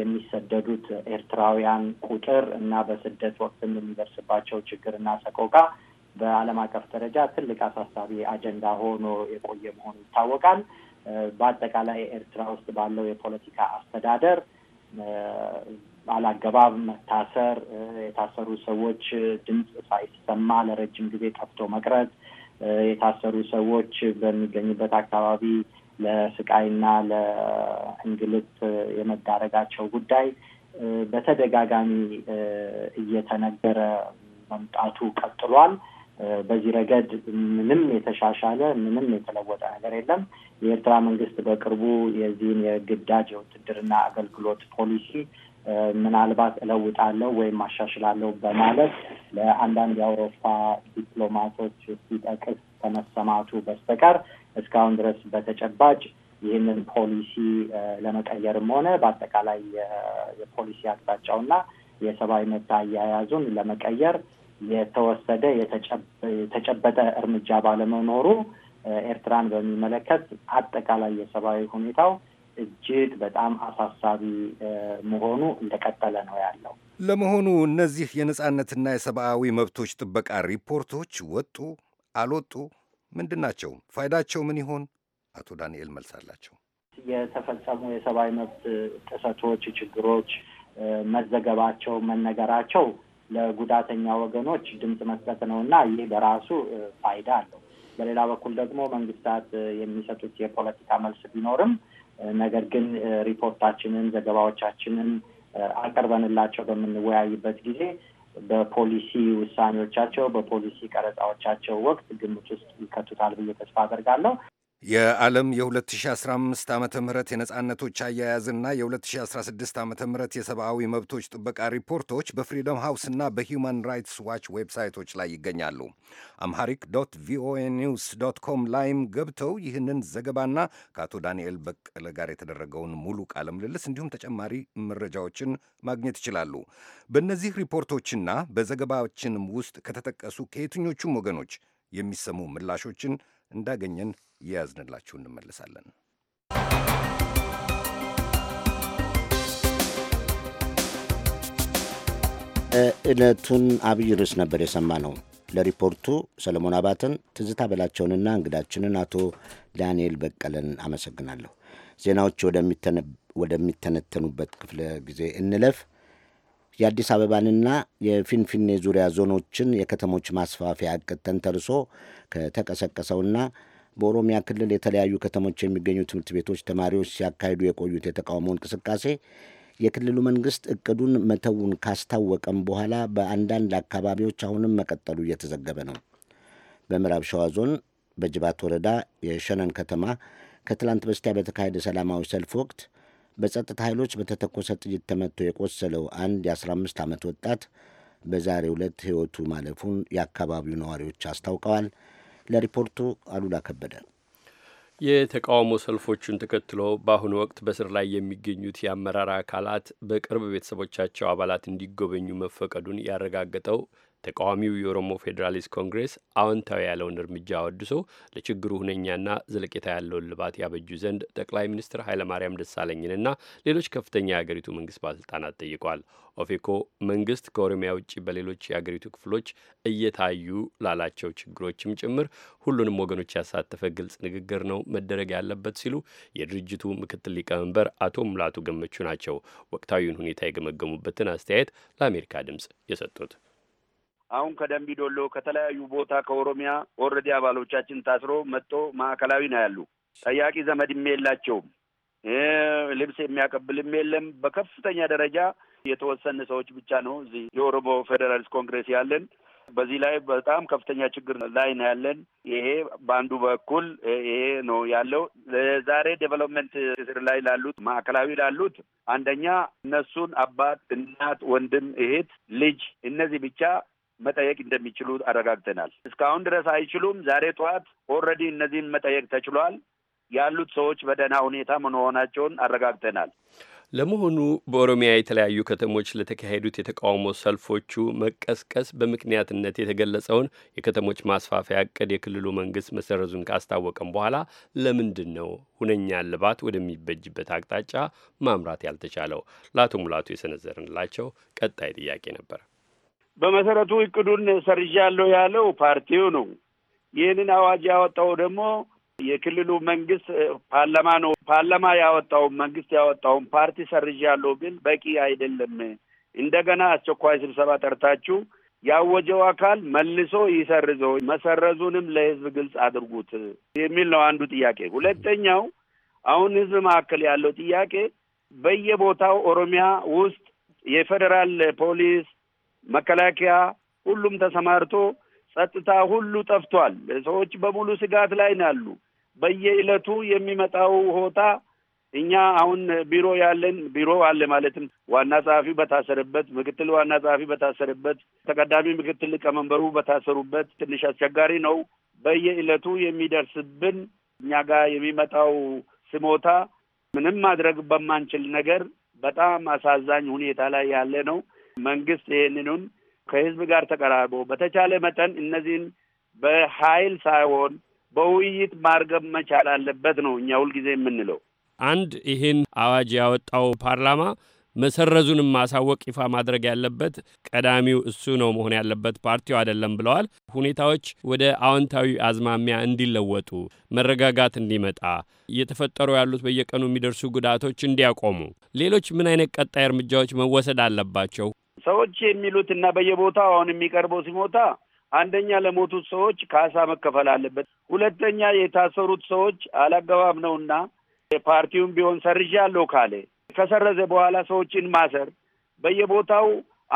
የሚሰደዱት ኤርትራውያን ቁጥር እና በስደት ወቅትም የሚደርስባቸው ችግርና ሰቆቃ በዓለም አቀፍ ደረጃ ትልቅ አሳሳቢ አጀንዳ ሆኖ የቆየ መሆኑ ይታወቃል። በአጠቃላይ ኤርትራ ውስጥ ባለው የፖለቲካ አስተዳደር አላገባብ መታሰር፣ የታሰሩ ሰዎች ድምፅ ሳይሰማ ለረጅም ጊዜ ጠፍቶ መቅረት፣ የታሰሩ ሰዎች በሚገኝበት አካባቢ ለስቃይና ለእንግልት የመዳረጋቸው ጉዳይ በተደጋጋሚ እየተነገረ መምጣቱ ቀጥሏል። በዚህ ረገድ ምንም የተሻሻለ ምንም የተለወጠ ነገር የለም። የኤርትራ መንግስት በቅርቡ የዚህን የግዳጅ የውትድርና አገልግሎት ፖሊሲ ምናልባት እለውጣለሁ ወይም አሻሽላለሁ በማለት ለአንዳንድ የአውሮፓ ዲፕሎማቶች ሲጠቅስ ከመሰማቱ በስተቀር እስካሁን ድረስ በተጨባጭ ይህንን ፖሊሲ ለመቀየርም ሆነ በአጠቃላይ የፖሊሲ አቅጣጫውና የሰብአዊ መብት አያያዙን ለመቀየር የተወሰደ የተጨበጠ እርምጃ ባለመኖሩ ኤርትራን በሚመለከት አጠቃላይ የሰብአዊ ሁኔታው እጅግ በጣም አሳሳቢ መሆኑ እንደቀጠለ ነው ያለው። ለመሆኑ እነዚህ የነጻነትና የሰብአዊ መብቶች ጥበቃ ሪፖርቶች ወጡ አልወጡ ምንድን ናቸው? ፋይዳቸው ምን ይሆን? አቶ ዳንኤል መልስ አላቸው። የተፈጸሙ የሰብአዊ መብት ጥሰቶች፣ ችግሮች መዘገባቸው፣ መነገራቸው ለጉዳተኛ ወገኖች ድምፅ መስጠት ነው እና ይህ በራሱ ፋይዳ አለው። በሌላ በኩል ደግሞ መንግስታት የሚሰጡት የፖለቲካ መልስ ቢኖርም ነገር ግን ሪፖርታችንን፣ ዘገባዎቻችንን አቀርበንላቸው በምንወያይበት ጊዜ በፖሊሲ ውሳኔዎቻቸው፣ በፖሊሲ ቀረጻዎቻቸው ወቅት ግምት ውስጥ ይከቱታል ብዬ ተስፋ አደርጋለሁ። የዓለም የ2015 ዓ ም የነጻነቶች አያያዝና የ2016 ዓ ም የሰብአዊ መብቶች ጥበቃ ሪፖርቶች በፍሪደም ሃውስ ና በሂውማን ራይትስ ዋች ዌብሳይቶች ላይ ይገኛሉ። አምሃሪክ ዶት ቪኦኤ ኒውስ ዶት ኮም ላይም ገብተው ይህንን ዘገባና ከአቶ ዳንኤል በቀለ ጋር የተደረገውን ሙሉ ቃለ ምልልስ እንዲሁም ተጨማሪ መረጃዎችን ማግኘት ይችላሉ። በእነዚህ ሪፖርቶችና በዘገባችንም ውስጥ ከተጠቀሱ ከየትኞቹም ወገኖች የሚሰሙ ምላሾችን እንዳገኘን የያዝንላችሁ እንመለሳለን። ዕለቱን አብይ ርዕስ ነበር የሰማ ነው። ለሪፖርቱ ሰለሞን አባትን፣ ትዝታ በላቸውንና እንግዳችንን አቶ ዳንኤል በቀለን አመሰግናለሁ። ዜናዎች ወደሚተነተኑበት ክፍለ ጊዜ እንለፍ። የአዲስ አበባንና የፊንፊኔ ዙሪያ ዞኖችን የከተሞች ማስፋፊያ እቅድ ተንተርሶ ከተቀሰቀሰውና በኦሮሚያ ክልል የተለያዩ ከተሞች የሚገኙ ትምህርት ቤቶች ተማሪዎች ሲያካሂዱ የቆዩት የተቃውሞ እንቅስቃሴ የክልሉ መንግስት እቅዱን መተውን ካስታወቀም በኋላ በአንዳንድ አካባቢዎች አሁንም መቀጠሉ እየተዘገበ ነው። በምዕራብ ሸዋ ዞን በጅባት ወረዳ የሸነን ከተማ ከትላንት በስቲያ በተካሄደ ሰላማዊ ሰልፍ ወቅት በጸጥታ ኃይሎች በተተኮሰ ጥይት ተመትቶ የቆሰለው አንድ የ15 ዓመት ወጣት በዛሬ ዕለት ሕይወቱ ማለፉን የአካባቢው ነዋሪዎች አስታውቀዋል። ለሪፖርቱ አሉላ ከበደ። የተቃውሞ ሰልፎቹን ተከትሎ በአሁኑ ወቅት በስር ላይ የሚገኙት የአመራር አካላት በቅርብ ቤተሰቦቻቸው አባላት እንዲጎበኙ መፈቀዱን ያረጋገጠው ተቃዋሚው የኦሮሞ ፌዴራሊስት ኮንግሬስ አዎንታዊ ያለውን እርምጃ አወድሶ ለችግሩ ሁነኛና ዘለቄታ ያለውን ልባት ያበጁ ዘንድ ጠቅላይ ሚኒስትር ኃይለማርያም ደሳለኝንና ሌሎች ከፍተኛ የአገሪቱ መንግስት ባለስልጣናት ጠይቋል። ኦፌኮ መንግስት ከኦሮሚያ ውጭ በሌሎች የአገሪቱ ክፍሎች እየታዩ ላላቸው ችግሮችም ጭምር ሁሉንም ወገኖች ያሳተፈ ግልጽ ንግግር ነው መደረግ ያለበት ሲሉ የድርጅቱ ምክትል ሊቀመንበር አቶ ሙላቱ ገመቹ ናቸው ወቅታዊውን ሁኔታ የገመገሙበትን አስተያየት ለአሜሪካ ድምፅ የሰጡት። አሁን ከደንቢ ዶሎ ከተለያዩ ቦታ ከኦሮሚያ ኦልሬዲ አባሎቻችን ታስሮ መጥቶ ማዕከላዊ ነው ያሉ። ጠያቂ ዘመድም የላቸውም። ልብስ የሚያቀብልም የለም። በከፍተኛ ደረጃ የተወሰኑ ሰዎች ብቻ ነው እዚህ የኦሮሞ ፌዴራሊስት ኮንግሬስ ያለን። በዚህ ላይ በጣም ከፍተኛ ችግር ላይ ነው ያለን። ይሄ በአንዱ በኩል ይሄ ነው ያለው። ለዛሬ ዴቨሎፕመንት ስር ላይ ላሉት ማዕከላዊ ላሉት አንደኛ እነሱን አባት፣ እናት፣ ወንድም፣ እህት፣ ልጅ እነዚህ ብቻ መጠየቅ እንደሚችሉ አረጋግተናል። እስካሁን ድረስ አይችሉም። ዛሬ ጠዋት ኦልሬዲ እነዚህን መጠየቅ ተችሏል። ያሉት ሰዎች በደህና ሁኔታ መሆናቸውን አረጋግተናል። ለመሆኑ በኦሮሚያ የተለያዩ ከተሞች ለተካሄዱት የተቃውሞ ሰልፎቹ መቀስቀስ በምክንያትነት የተገለጸውን የከተሞች ማስፋፊያ እቅድ የክልሉ መንግስት መሰረዙን ካስታወቀም በኋላ ለምንድን ነው ሁነኛ ልባት ወደሚበጅበት አቅጣጫ ማምራት ያልተቻለው? ለአቶ ሙላቱ የሰነዘርንላቸው ቀጣይ ጥያቄ ነበር። በመሰረቱ እቅዱን ሰርዣለሁ ያለው ፓርቲው ነው። ይህንን አዋጅ ያወጣው ደግሞ የክልሉ መንግስት ፓርላማ ነው። ፓርላማ ያወጣውን መንግስት ያወጣውን ፓርቲ ሰርዣለሁ ብል በቂ አይደለም። እንደገና አስቸኳይ ስብሰባ ጠርታችሁ ያወጀው አካል መልሶ ይሰርዘው፣ መሰረዙንም ለህዝብ ግልጽ አድርጉት የሚል ነው አንዱ ጥያቄ። ሁለተኛው አሁን ህዝብ መካከል ያለው ጥያቄ በየቦታው ኦሮሚያ ውስጥ የፌዴራል ፖሊስ መከላከያ፣ ሁሉም ተሰማርቶ ጸጥታ ሁሉ ጠፍቷል። ሰዎች በሙሉ ስጋት ላይ ናሉ። በየዕለቱ የሚመጣው ሆታ እኛ አሁን ቢሮ ያለን ቢሮ አለ ማለትም ዋና ጸሐፊ በታሰረበት፣ ምክትል ዋና ጸሐፊ በታሰረበት፣ ተቀዳሚ ምክትል ሊቀመንበሩ በታሰሩበት ትንሽ አስቸጋሪ ነው። በየዕለቱ የሚደርስብን እኛ ጋር የሚመጣው ስሞታ ምንም ማድረግ በማንችል ነገር በጣም አሳዛኝ ሁኔታ ላይ ያለ ነው። መንግስት ይህንኑን ከህዝብ ጋር ተቀራርቦ በተቻለ መጠን እነዚህን በኃይል ሳይሆን በውይይት ማርገብ መቻል አለበት ነው እኛ ሁልጊዜ የምንለው። አንድ ይህን አዋጅ ያወጣው ፓርላማ መሰረዙንም ማሳወቅ ይፋ ማድረግ ያለበት ቀዳሚው እሱ ነው መሆን ያለበት ፓርቲው አይደለም ብለዋል። ሁኔታዎች ወደ አዎንታዊ አዝማሚያ እንዲለወጡ፣ መረጋጋት እንዲመጣ፣ እየተፈጠሩ ያሉት በየቀኑ የሚደርሱ ጉዳቶች እንዲያቆሙ ሌሎች ምን አይነት ቀጣይ እርምጃዎች መወሰድ አለባቸው? ሰዎች የሚሉት እና በየቦታው አሁን የሚቀርበው ሲሞታ አንደኛ ለሞቱት ሰዎች ካሳ መከፈል አለበት። ሁለተኛ የታሰሩት ሰዎች አላገባብ ነውና ፓርቲውን ቢሆን ሰርዣለሁ ካለ ከሰረዘ በኋላ ሰዎችን ማሰር በየቦታው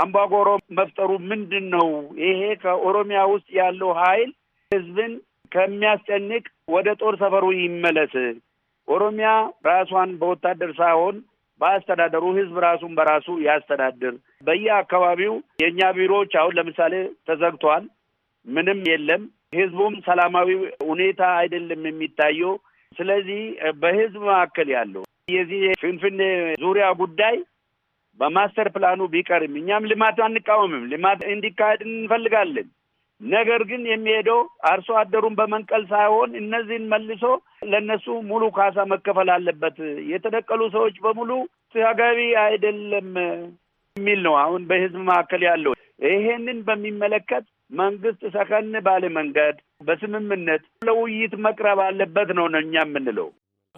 አምባጓሮ መፍጠሩ ምንድን ነው? ይሄ ከኦሮሚያ ውስጥ ያለው ኃይል ህዝብን ከሚያስጨንቅ ወደ ጦር ሰፈሩ ይመለስ። ኦሮሚያ ራሷን በወታደር ሳይሆን በአስተዳደሩ ህዝብ ራሱን በራሱ ያስተዳድር። በየአካባቢው የእኛ ቢሮዎች አሁን ለምሳሌ ተዘግቷል፣ ምንም የለም። ህዝቡም ሰላማዊ ሁኔታ አይደለም የሚታየው። ስለዚህ በህዝብ መካከል ያለው የዚህ ፍንፍኔ ዙሪያ ጉዳይ በማስተር ፕላኑ ቢቀርም እኛም ልማት አንቃወምም፣ ልማት እንዲካሄድ እንፈልጋለን። ነገር ግን የሚሄደው አርሶ አደሩን በመንቀል ሳይሆን እነዚህን መልሶ ለእነሱ ሙሉ ካሳ መከፈል አለበት። የተነቀሉ ሰዎች በሙሉ ተገቢ አይደለም የሚል ነው አሁን በህዝብ መካከል ያለው። ይሄንን በሚመለከት መንግስት ሰከን ባለ መንገድ በስምምነት ለውይይት መቅረብ አለበት ነው ነው እኛ የምንለው።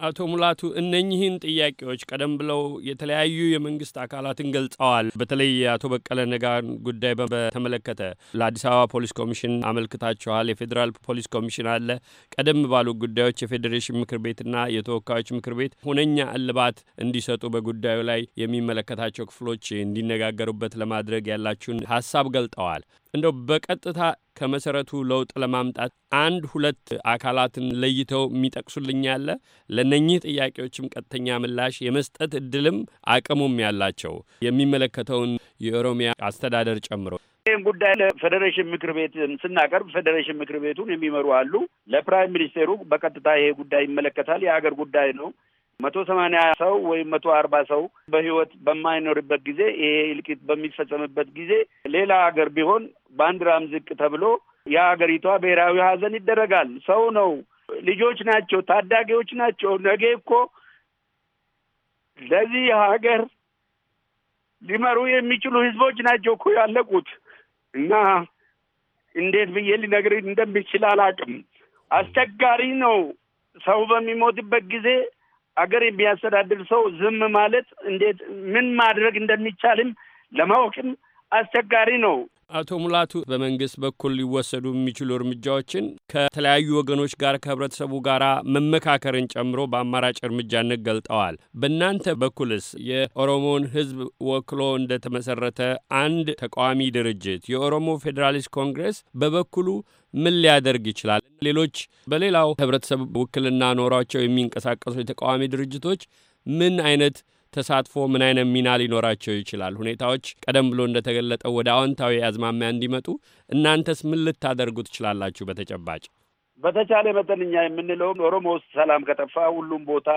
አቶ ሙላቱ እነኚህን ጥያቄዎች ቀደም ብለው የተለያዩ የመንግስት አካላትን ገልጸዋል። በተለይ የአቶ በቀለ ነጋን ጉዳይ በተመለከተ ለአዲስ አበባ ፖሊስ ኮሚሽን አመልክታችኋል። የፌዴራል ፖሊስ ኮሚሽን አለ። ቀደም ባሉ ጉዳዮች የፌዴሬሽን ምክር ቤትና የተወካዮች ምክር ቤት ሁነኛ እልባት እንዲሰጡ በጉዳዩ ላይ የሚመለከታቸው ክፍሎች እንዲነጋገሩበት ለማድረግ ያላችሁን ሀሳብ ገልጠዋል። እንደው በቀጥታ ከመሰረቱ ለውጥ ለማምጣት አንድ ሁለት አካላትን ለይተው የሚጠቅሱልኝ ያለ ለነኚህ ጥያቄዎችም ቀጥተኛ ምላሽ የመስጠት እድልም አቅሙም ያላቸው የሚመለከተውን የኦሮሚያ አስተዳደር ጨምሮ ይህን ጉዳይ ለፌዴሬሽን ምክር ቤት ስናቀርብ ፌዴሬሽን ምክር ቤቱን የሚመሩ አሉ። ለፕራይም ሚኒስቴሩ በቀጥታ ይሄ ጉዳይ ይመለከታል፣ የሀገር ጉዳይ ነው መቶ ሰማንያ ሰው ወይም መቶ አርባ ሰው በህይወት በማይኖርበት ጊዜ ይሄ እልቂት በሚፈጸምበት ጊዜ ሌላ ሀገር ቢሆን ባንዲራም ዝቅ ተብሎ የሀገሪቷ ብሔራዊ ሀዘን ይደረጋል። ሰው ነው፣ ልጆች ናቸው፣ ታዳጊዎች ናቸው። ነገ እኮ ለዚህ ሀገር ሊመሩ የሚችሉ ህዝቦች ናቸው እኮ ያለቁት እና እንዴት ብዬ ሊነግር እንደሚችል አላውቅም። አስቸጋሪ ነው። ሰው በሚሞትበት ጊዜ አገር የሚያስተዳድር ሰው ዝም ማለት እንዴት ምን ማድረግ እንደሚቻልም ለማወቅም አስቸጋሪ ነው። አቶ ሙላቱ በመንግስት በኩል ሊወሰዱ የሚችሉ እርምጃዎችን ከተለያዩ ወገኖች ጋር ከህብረተሰቡ ጋር መመካከርን ጨምሮ በአማራጭ እርምጃነት ገልጠዋል። በእናንተ በኩልስ የኦሮሞን ህዝብ ወክሎ እንደተመሰረተ አንድ ተቃዋሚ ድርጅት የኦሮሞ ፌዴራሊስት ኮንግሬስ በበኩሉ ምን ሊያደርግ ይችላል? ሌሎች በሌላው ህብረተሰብ ውክልና ኖሯቸው የሚንቀሳቀሱ የተቃዋሚ ድርጅቶች ምን አይነት ተሳትፎ ምን አይነት ሚና ሊኖራቸው ይችላል? ሁኔታዎች ቀደም ብሎ እንደተገለጠው ወደ አዎንታዊ አዝማሚያ እንዲመጡ እናንተስ ምን ልታደርጉ ትችላላችሁ? በተጨባጭ በተቻለ መጠን እኛ የምንለውም ኦሮሞ ውስጥ ሰላም ከጠፋ ሁሉም ቦታ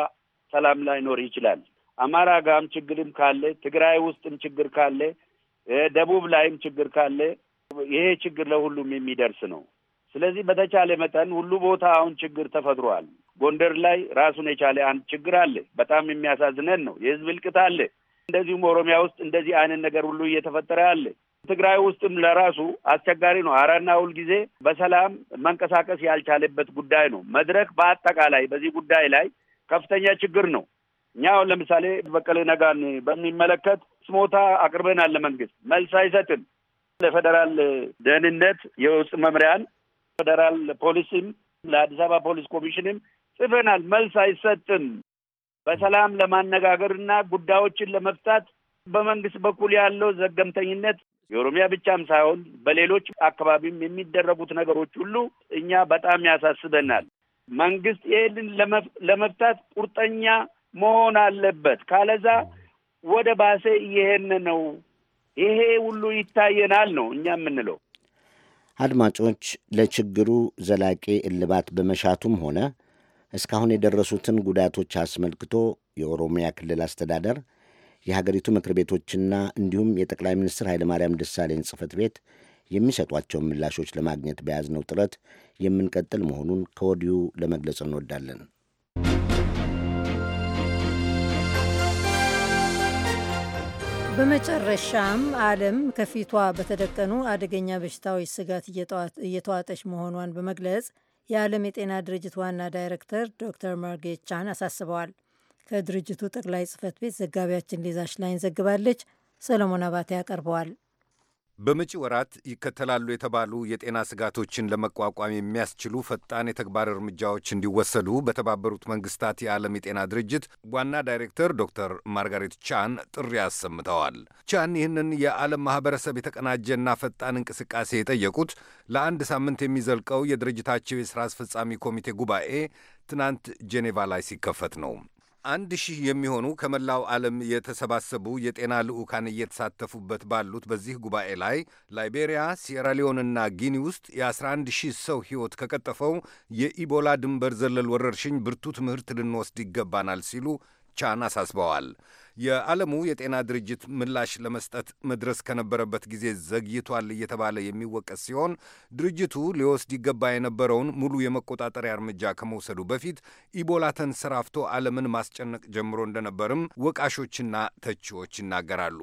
ሰላም ላይኖር ይችላል። አማራ ጋም ችግርም ካለ፣ ትግራይ ውስጥም ችግር ካለ፣ ደቡብ ላይም ችግር ካለ ይሄ ችግር ለሁሉም የሚደርስ ነው። ስለዚህ በተቻለ መጠን ሁሉ ቦታ አሁን ችግር ተፈጥሯል። ጎንደር ላይ ራሱን የቻለ አንድ ችግር አለ። በጣም የሚያሳዝነን ነው። የህዝብ እልቅት አለ። እንደዚሁም ኦሮሚያ ውስጥ እንደዚህ አይነት ነገር ሁሉ እየተፈጠረ አለ። ትግራይ ውስጥም ለራሱ አስቸጋሪ ነው። አረና ሁልጊዜ በሰላም መንቀሳቀስ ያልቻለበት ጉዳይ ነው። መድረክ በአጠቃላይ በዚህ ጉዳይ ላይ ከፍተኛ ችግር ነው። እኛ አሁን ለምሳሌ በቀለ ነጋን በሚመለከት ስሞታ አቅርበናል። ለመንግስት መልስ አይሰጥም። ለፌደራል ደህንነት የውስጥ መምሪያን ለፌዴራል ፖሊስም ለአዲስ አበባ ፖሊስ ኮሚሽንም ጽፈናል። መልስ አይሰጥም። በሰላም ለማነጋገር እና ጉዳዮችን ለመፍታት በመንግስት በኩል ያለው ዘገምተኝነት የኦሮሚያ ብቻም ሳይሆን በሌሎች አካባቢም የሚደረጉት ነገሮች ሁሉ እኛ በጣም ያሳስበናል። መንግስት ይህንን ለመፍታት ቁርጠኛ መሆን አለበት። ካለዛ ወደ ባሴ እየሄነ ነው። ይሄ ሁሉ ይታየናል ነው እኛ የምንለው። አድማጮች ለችግሩ ዘላቂ እልባት በመሻቱም ሆነ እስካሁን የደረሱትን ጉዳቶች አስመልክቶ የኦሮሚያ ክልል አስተዳደር የሀገሪቱ ምክር ቤቶችና እንዲሁም የጠቅላይ ሚኒስትር ኃይለማርያም ደሳለኝ ጽህፈት ቤት የሚሰጧቸውን ምላሾች ለማግኘት በያዝነው ጥረት የምንቀጥል መሆኑን ከወዲሁ ለመግለጽ እንወዳለን። በመጨረሻም ዓለም ከፊቷ በተደቀኑ አደገኛ በሽታዎች ስጋት እየተዋጠች መሆኗን በመግለጽ የዓለም የጤና ድርጅት ዋና ዳይሬክተር ዶክተር ማርጌት ቻን አሳስበዋል። ከድርጅቱ ጠቅላይ ጽህፈት ቤት ዘጋቢያችን ሊዛ ሽላይን ዘግባለች። ሰለሞን አባቴ ያቀርበዋል። በመጪ ወራት ይከተላሉ የተባሉ የጤና ስጋቶችን ለመቋቋም የሚያስችሉ ፈጣን የተግባር እርምጃዎች እንዲወሰዱ በተባበሩት መንግስታት የዓለም የጤና ድርጅት ዋና ዳይሬክተር ዶክተር ማርጋሬት ቻን ጥሪ አሰምተዋል። ቻን ይህንን የዓለም ማህበረሰብ የተቀናጀና ፈጣን እንቅስቃሴ የጠየቁት ለአንድ ሳምንት የሚዘልቀው የድርጅታቸው የሥራ አስፈጻሚ ኮሚቴ ጉባኤ ትናንት ጄኔቫ ላይ ሲከፈት ነው። አንድ ሺህ የሚሆኑ ከመላው ዓለም የተሰባሰቡ የጤና ልዑካን እየተሳተፉበት ባሉት በዚህ ጉባኤ ላይ ላይቤሪያ፣ ሲየራሊዮንና ጊኒ ውስጥ የ11 ሺህ ሰው ሕይወት ከቀጠፈው የኢቦላ ድንበር ዘለል ወረርሽኝ ብርቱ ትምህርት ልንወስድ ይገባናል ሲሉ ቻን አሳስበዋል። የዓለሙ የጤና ድርጅት ምላሽ ለመስጠት መድረስ ከነበረበት ጊዜ ዘግይቷል እየተባለ የሚወቀስ ሲሆን ድርጅቱ ሊወስድ ይገባ የነበረውን ሙሉ የመቆጣጠሪያ እርምጃ ከመውሰዱ በፊት ኢቦላ ተንሰራፍቶ ዓለምን ማስጨነቅ ጀምሮ እንደነበርም ወቃሾችና ተቺዎች ይናገራሉ።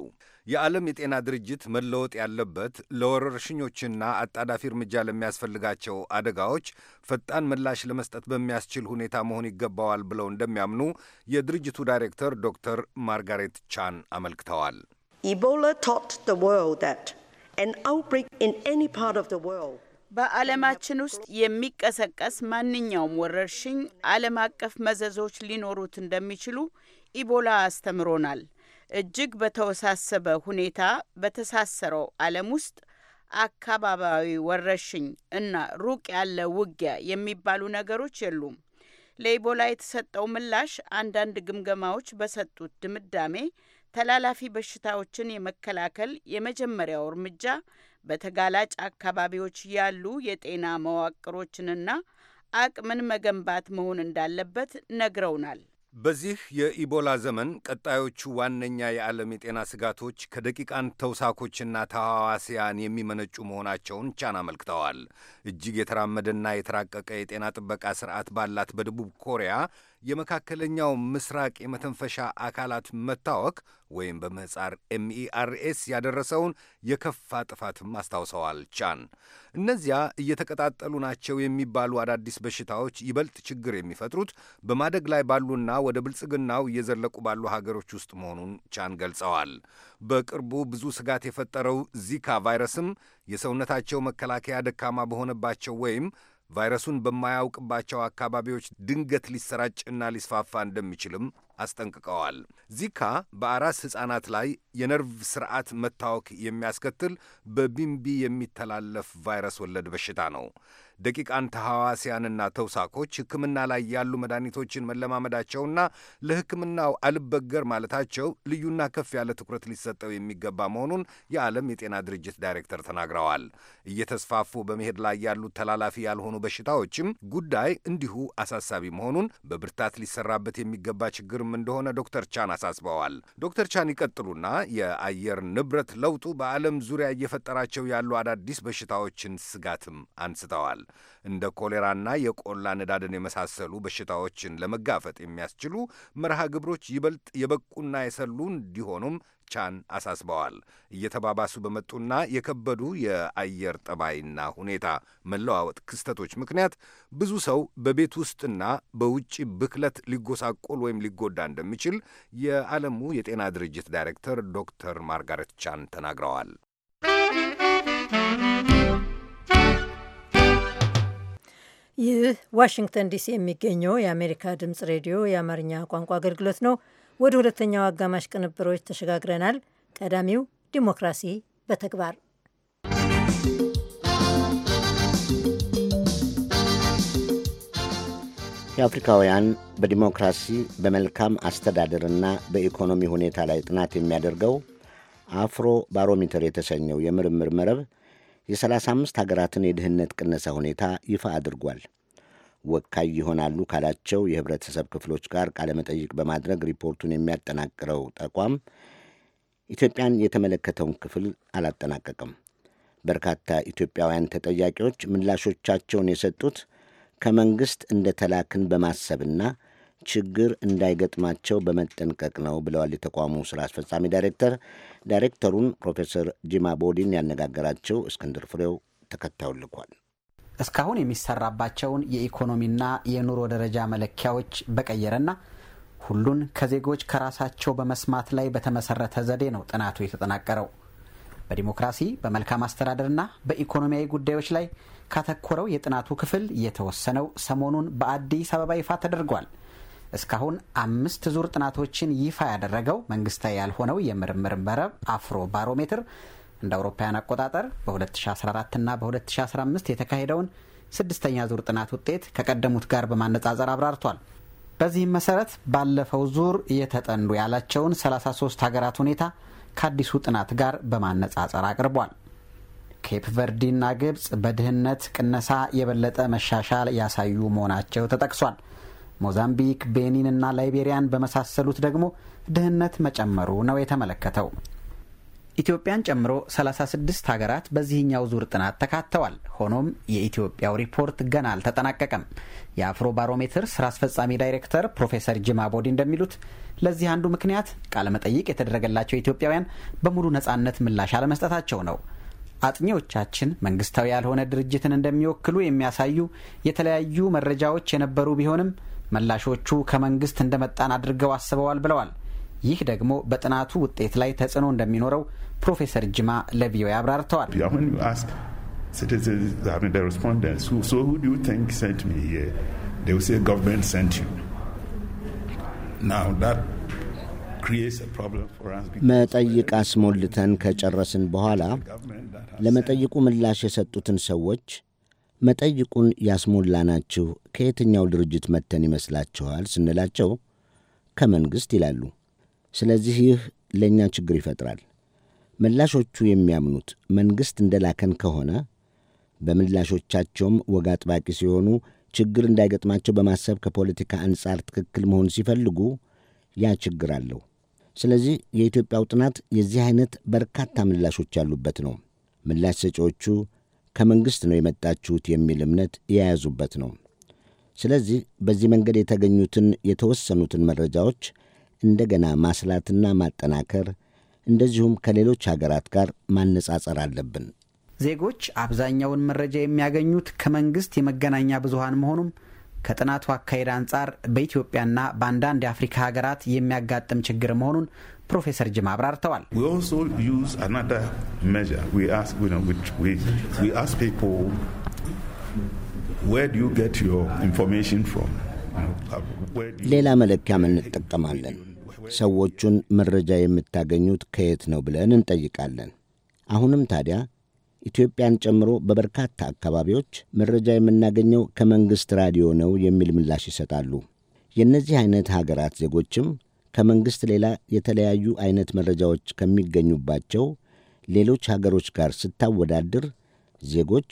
የዓለም የጤና ድርጅት መለወጥ ያለበት ለወረርሽኞችና አጣዳፊ እርምጃ ለሚያስፈልጋቸው አደጋዎች ፈጣን ምላሽ ለመስጠት በሚያስችል ሁኔታ መሆን ይገባዋል ብለው እንደሚያምኑ የድርጅቱ ዳይሬክተር ዶክተር ማርጋሬት ቻን አመልክተዋል። በዓለማችን ውስጥ የሚቀሰቀስ ማንኛውም ወረርሽኝ ዓለም አቀፍ መዘዞች ሊኖሩት እንደሚችሉ ኢቦላ አስተምሮናል። እጅግ በተወሳሰበ ሁኔታ በተሳሰረው ዓለም ውስጥ አካባቢያዊ ወረርሽኝ እና ሩቅ ያለ ውጊያ የሚባሉ ነገሮች የሉም። ለኢቦላ የተሰጠው ምላሽ አንዳንድ ግምገማዎች በሰጡት ድምዳሜ ተላላፊ በሽታዎችን የመከላከል የመጀመሪያው እርምጃ በተጋላጭ አካባቢዎች ያሉ የጤና መዋቅሮችንና አቅምን መገንባት መሆን እንዳለበት ነግረውናል። በዚህ የኢቦላ ዘመን ቀጣዮቹ ዋነኛ የዓለም የጤና ስጋቶች ከደቂቃን ተውሳኮችና ተሐዋስያን የሚመነጩ መሆናቸውን ቻን አመልክተዋል። እጅግ የተራመደና የተራቀቀ የጤና ጥበቃ ስርዓት ባላት በደቡብ ኮሪያ የመካከለኛው ምስራቅ የመተንፈሻ አካላት መታወክ ወይም በምህፃር ኤምኢአርኤስ ያደረሰውን የከፋ ጥፋትም አስታውሰዋል። ቻን እነዚያ እየተቀጣጠሉ ናቸው የሚባሉ አዳዲስ በሽታዎች ይበልጥ ችግር የሚፈጥሩት በማደግ ላይ ባሉና ወደ ብልጽግናው እየዘለቁ ባሉ ሀገሮች ውስጥ መሆኑን ቻን ገልጸዋል። በቅርቡ ብዙ ስጋት የፈጠረው ዚካ ቫይረስም የሰውነታቸው መከላከያ ደካማ በሆነባቸው ወይም ቫይረሱን በማያውቅባቸው አካባቢዎች ድንገት ሊሰራጭና ሊስፋፋ እንደሚችልም አስጠንቅቀዋል። ዚካ በአራስ ሕፃናት ላይ የነርቭ ስርዓት መታወክ የሚያስከትል በቢምቢ የሚተላለፍ ቫይረስ ወለድ በሽታ ነው። ደቂቃን ተሐዋስያንና ተውሳኮች ሕክምና ላይ ያሉ መድኃኒቶችን መለማመዳቸውና ለሕክምናው አልበገር ማለታቸው ልዩና ከፍ ያለ ትኩረት ሊሰጠው የሚገባ መሆኑን የዓለም የጤና ድርጅት ዳይሬክተር ተናግረዋል። እየተስፋፉ በመሄድ ላይ ያሉት ተላላፊ ያልሆኑ በሽታዎችም ጉዳይ እንዲሁ አሳሳቢ መሆኑን በብርታት ሊሰራበት የሚገባ ችግር እየተገበረም እንደሆነ ዶክተር ቻን አሳስበዋል። ዶክተር ቻን ይቀጥሉና የአየር ንብረት ለውጡ በዓለም ዙሪያ እየፈጠራቸው ያሉ አዳዲስ በሽታዎችን ስጋትም አንስተዋል። እንደ ኮሌራና የቆላ ንዳድን የመሳሰሉ በሽታዎችን ለመጋፈጥ የሚያስችሉ መርሃ ግብሮች ይበልጥ የበቁና የሰሉ እንዲሆኑም ቻን አሳስበዋል። እየተባባሱ በመጡና የከበዱ የአየር ጠባይና ሁኔታ መለዋወጥ ክስተቶች ምክንያት ብዙ ሰው በቤት ውስጥና በውጭ ብክለት ሊጎሳቆል ወይም ሊጎዳ እንደሚችል የዓለሙ የጤና ድርጅት ዳይሬክተር ዶክተር ማርጋሬት ቻን ተናግረዋል። ይህ ዋሽንግተን ዲሲ የሚገኘው የአሜሪካ ድምፅ ሬዲዮ የአማርኛ ቋንቋ አገልግሎት ነው። ወደ ሁለተኛው አጋማሽ ቅንብሮች ተሸጋግረናል። ቀዳሚው ዲሞክራሲ በተግባር የአፍሪካውያን በዲሞክራሲ በመልካም አስተዳደርና በኢኮኖሚ ሁኔታ ላይ ጥናት የሚያደርገው አፍሮ ባሮሜተር የተሰኘው የምርምር መረብ የ35 ሀገራትን የድህነት ቅነሳ ሁኔታ ይፋ አድርጓል። ወካይ ይሆናሉ ካላቸው የህብረተሰብ ክፍሎች ጋር ቃለመጠይቅ በማድረግ ሪፖርቱን የሚያጠናቅረው ተቋም ኢትዮጵያን የተመለከተውን ክፍል አላጠናቀቅም። በርካታ ኢትዮጵያውያን ተጠያቂዎች ምላሾቻቸውን የሰጡት ከመንግሥት እንደ ተላክን በማሰብና ችግር እንዳይገጥማቸው በመጠንቀቅ ነው ብለዋል የተቋሙ ሥራ አስፈጻሚ ዳይሬክተር። ዳይሬክተሩን ፕሮፌሰር ጂማ ቦዲን ያነጋገራቸው እስክንድር ፍሬው ተከታዩን ልኳል። እስካሁን የሚሰራባቸውን የኢኮኖሚና የኑሮ ደረጃ መለኪያዎች በቀየረና ሁሉን ከዜጎች ከራሳቸው በመስማት ላይ በተመሰረተ ዘዴ ነው ጥናቱ የተጠናቀረው። በዲሞክራሲ በመልካም አስተዳደርና በኢኮኖሚያዊ ጉዳዮች ላይ ካተኮረው የጥናቱ ክፍል የተወሰነው ሰሞኑን በአዲስ አበባ ይፋ ተደርጓል። እስካሁን አምስት ዙር ጥናቶችን ይፋ ያደረገው መንግስታዊ ያልሆነው የምርምር መረብ አፍሮ ባሮሜትር እንደ አውሮፓውያን አቆጣጠር በ2014 እና በ2015 የተካሄደውን ስድስተኛ ዙር ጥናት ውጤት ከቀደሙት ጋር በማነጻጸር አብራርቷል። በዚህም መሰረት ባለፈው ዙር የተጠኑ ያላቸውን 33 ሀገራት ሁኔታ ከአዲሱ ጥናት ጋር በማነጻጸር አቅርቧል። ኬፕ ቨርዲና ግብፅ በድህነት ቅነሳ የበለጠ መሻሻል ያሳዩ መሆናቸው ተጠቅሷል። ሞዛምቢክ፣ ቤኒን እና ላይቤሪያን በመሳሰሉት ደግሞ ድህነት መጨመሩ ነው የተመለከተው። ኢትዮጵያን ጨምሮ 36 ሀገራት በዚህኛው ዙር ጥናት ተካተዋል። ሆኖም የኢትዮጵያው ሪፖርት ገና አልተጠናቀቀም። የአፍሮ ባሮሜትር ስራ አስፈጻሚ ዳይሬክተር ፕሮፌሰር ጅማ ቦዲ እንደሚሉት ለዚህ አንዱ ምክንያት ቃለመጠይቅ የተደረገላቸው ኢትዮጵያውያን በሙሉ ነፃነት ምላሽ አለመስጠታቸው ነው። አጥኚዎቻችን መንግስታዊ ያልሆነ ድርጅትን እንደሚወክሉ የሚያሳዩ የተለያዩ መረጃዎች የነበሩ ቢሆንም ምላሾቹ ከመንግስት እንደመጣን አድርገው አስበዋል ብለዋል። ይህ ደግሞ በጥናቱ ውጤት ላይ ተጽዕኖ እንደሚኖረው ፕሮፌሰር ጅማ ለቪኦኤ አብራርተዋል። መጠይቅ አስሞልተን ከጨረስን በኋላ ለመጠይቁ ምላሽ የሰጡትን ሰዎች መጠይቁን ያስሞላናችሁ ከየትኛው ድርጅት መጥተን ይመስላችኋል ስንላቸው ከመንግሥት ይላሉ። ስለዚህ ይህ ለእኛ ችግር ይፈጥራል። ምላሾቹ የሚያምኑት መንግሥት ላከን ከሆነ በምላሾቻቸውም ወግ አጥባቂ ሲሆኑ ችግር እንዳይገጥማቸው በማሰብ ከፖለቲካ አንጻር ትክክል መሆን ሲፈልጉ ያ ችግር አለው። ስለዚህ የኢትዮጵያው ጥናት የዚህ አይነት በርካታ ምላሾች ያሉበት ነው። ምላሽ ሰጪዎቹ ከመንግሥት ነው የመጣችሁት የሚል እምነት የያዙበት ነው። ስለዚህ በዚህ መንገድ የተገኙትን የተወሰኑትን መረጃዎች እንደገና ማስላትና ማጠናከር እንደዚሁም ከሌሎች ሀገራት ጋር ማነጻጸር አለብን። ዜጎች አብዛኛውን መረጃ የሚያገኙት ከመንግስት የመገናኛ ብዙሃን መሆኑም ከጥናቱ አካሄድ አንጻር በኢትዮጵያና በአንዳንድ የአፍሪካ ሀገራት የሚያጋጥም ችግር መሆኑን ፕሮፌሰር ጅማ አብራርተዋል። uh, ሌላ መለኪያም እንጠቀማለን። ሰዎቹን መረጃ የምታገኙት ከየት ነው ብለን እንጠይቃለን። አሁንም ታዲያ ኢትዮጵያን ጨምሮ በበርካታ አካባቢዎች መረጃ የምናገኘው ከመንግሥት ራዲዮ ነው የሚል ምላሽ ይሰጣሉ። የእነዚህ አይነት ሀገራት ዜጎችም ከመንግሥት ሌላ የተለያዩ አይነት መረጃዎች ከሚገኙባቸው ሌሎች ሀገሮች ጋር ስታወዳድር ዜጎች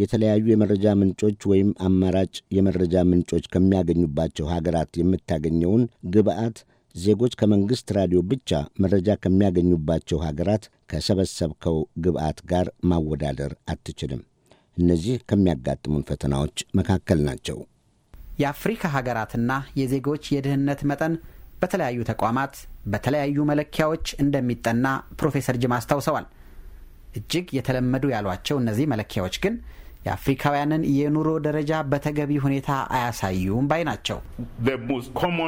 የተለያዩ የመረጃ ምንጮች ወይም አማራጭ የመረጃ ምንጮች ከሚያገኙባቸው ሀገራት የምታገኘውን ግብዓት ዜጎች ከመንግሥት ራዲዮ ብቻ መረጃ ከሚያገኙባቸው ሀገራት ከሰበሰብከው ግብአት ጋር ማወዳደር አትችልም። እነዚህ ከሚያጋጥሙን ፈተናዎች መካከል ናቸው። የአፍሪካ ሀገራትና የዜጎች የድህነት መጠን በተለያዩ ተቋማት በተለያዩ መለኪያዎች እንደሚጠና ፕሮፌሰር ጅማ አስታውሰዋል። እጅግ የተለመዱ ያሏቸው እነዚህ መለኪያዎች ግን የአፍሪካውያንን የኑሮ ደረጃ በተገቢ ሁኔታ አያሳዩም ባይ ናቸው። um,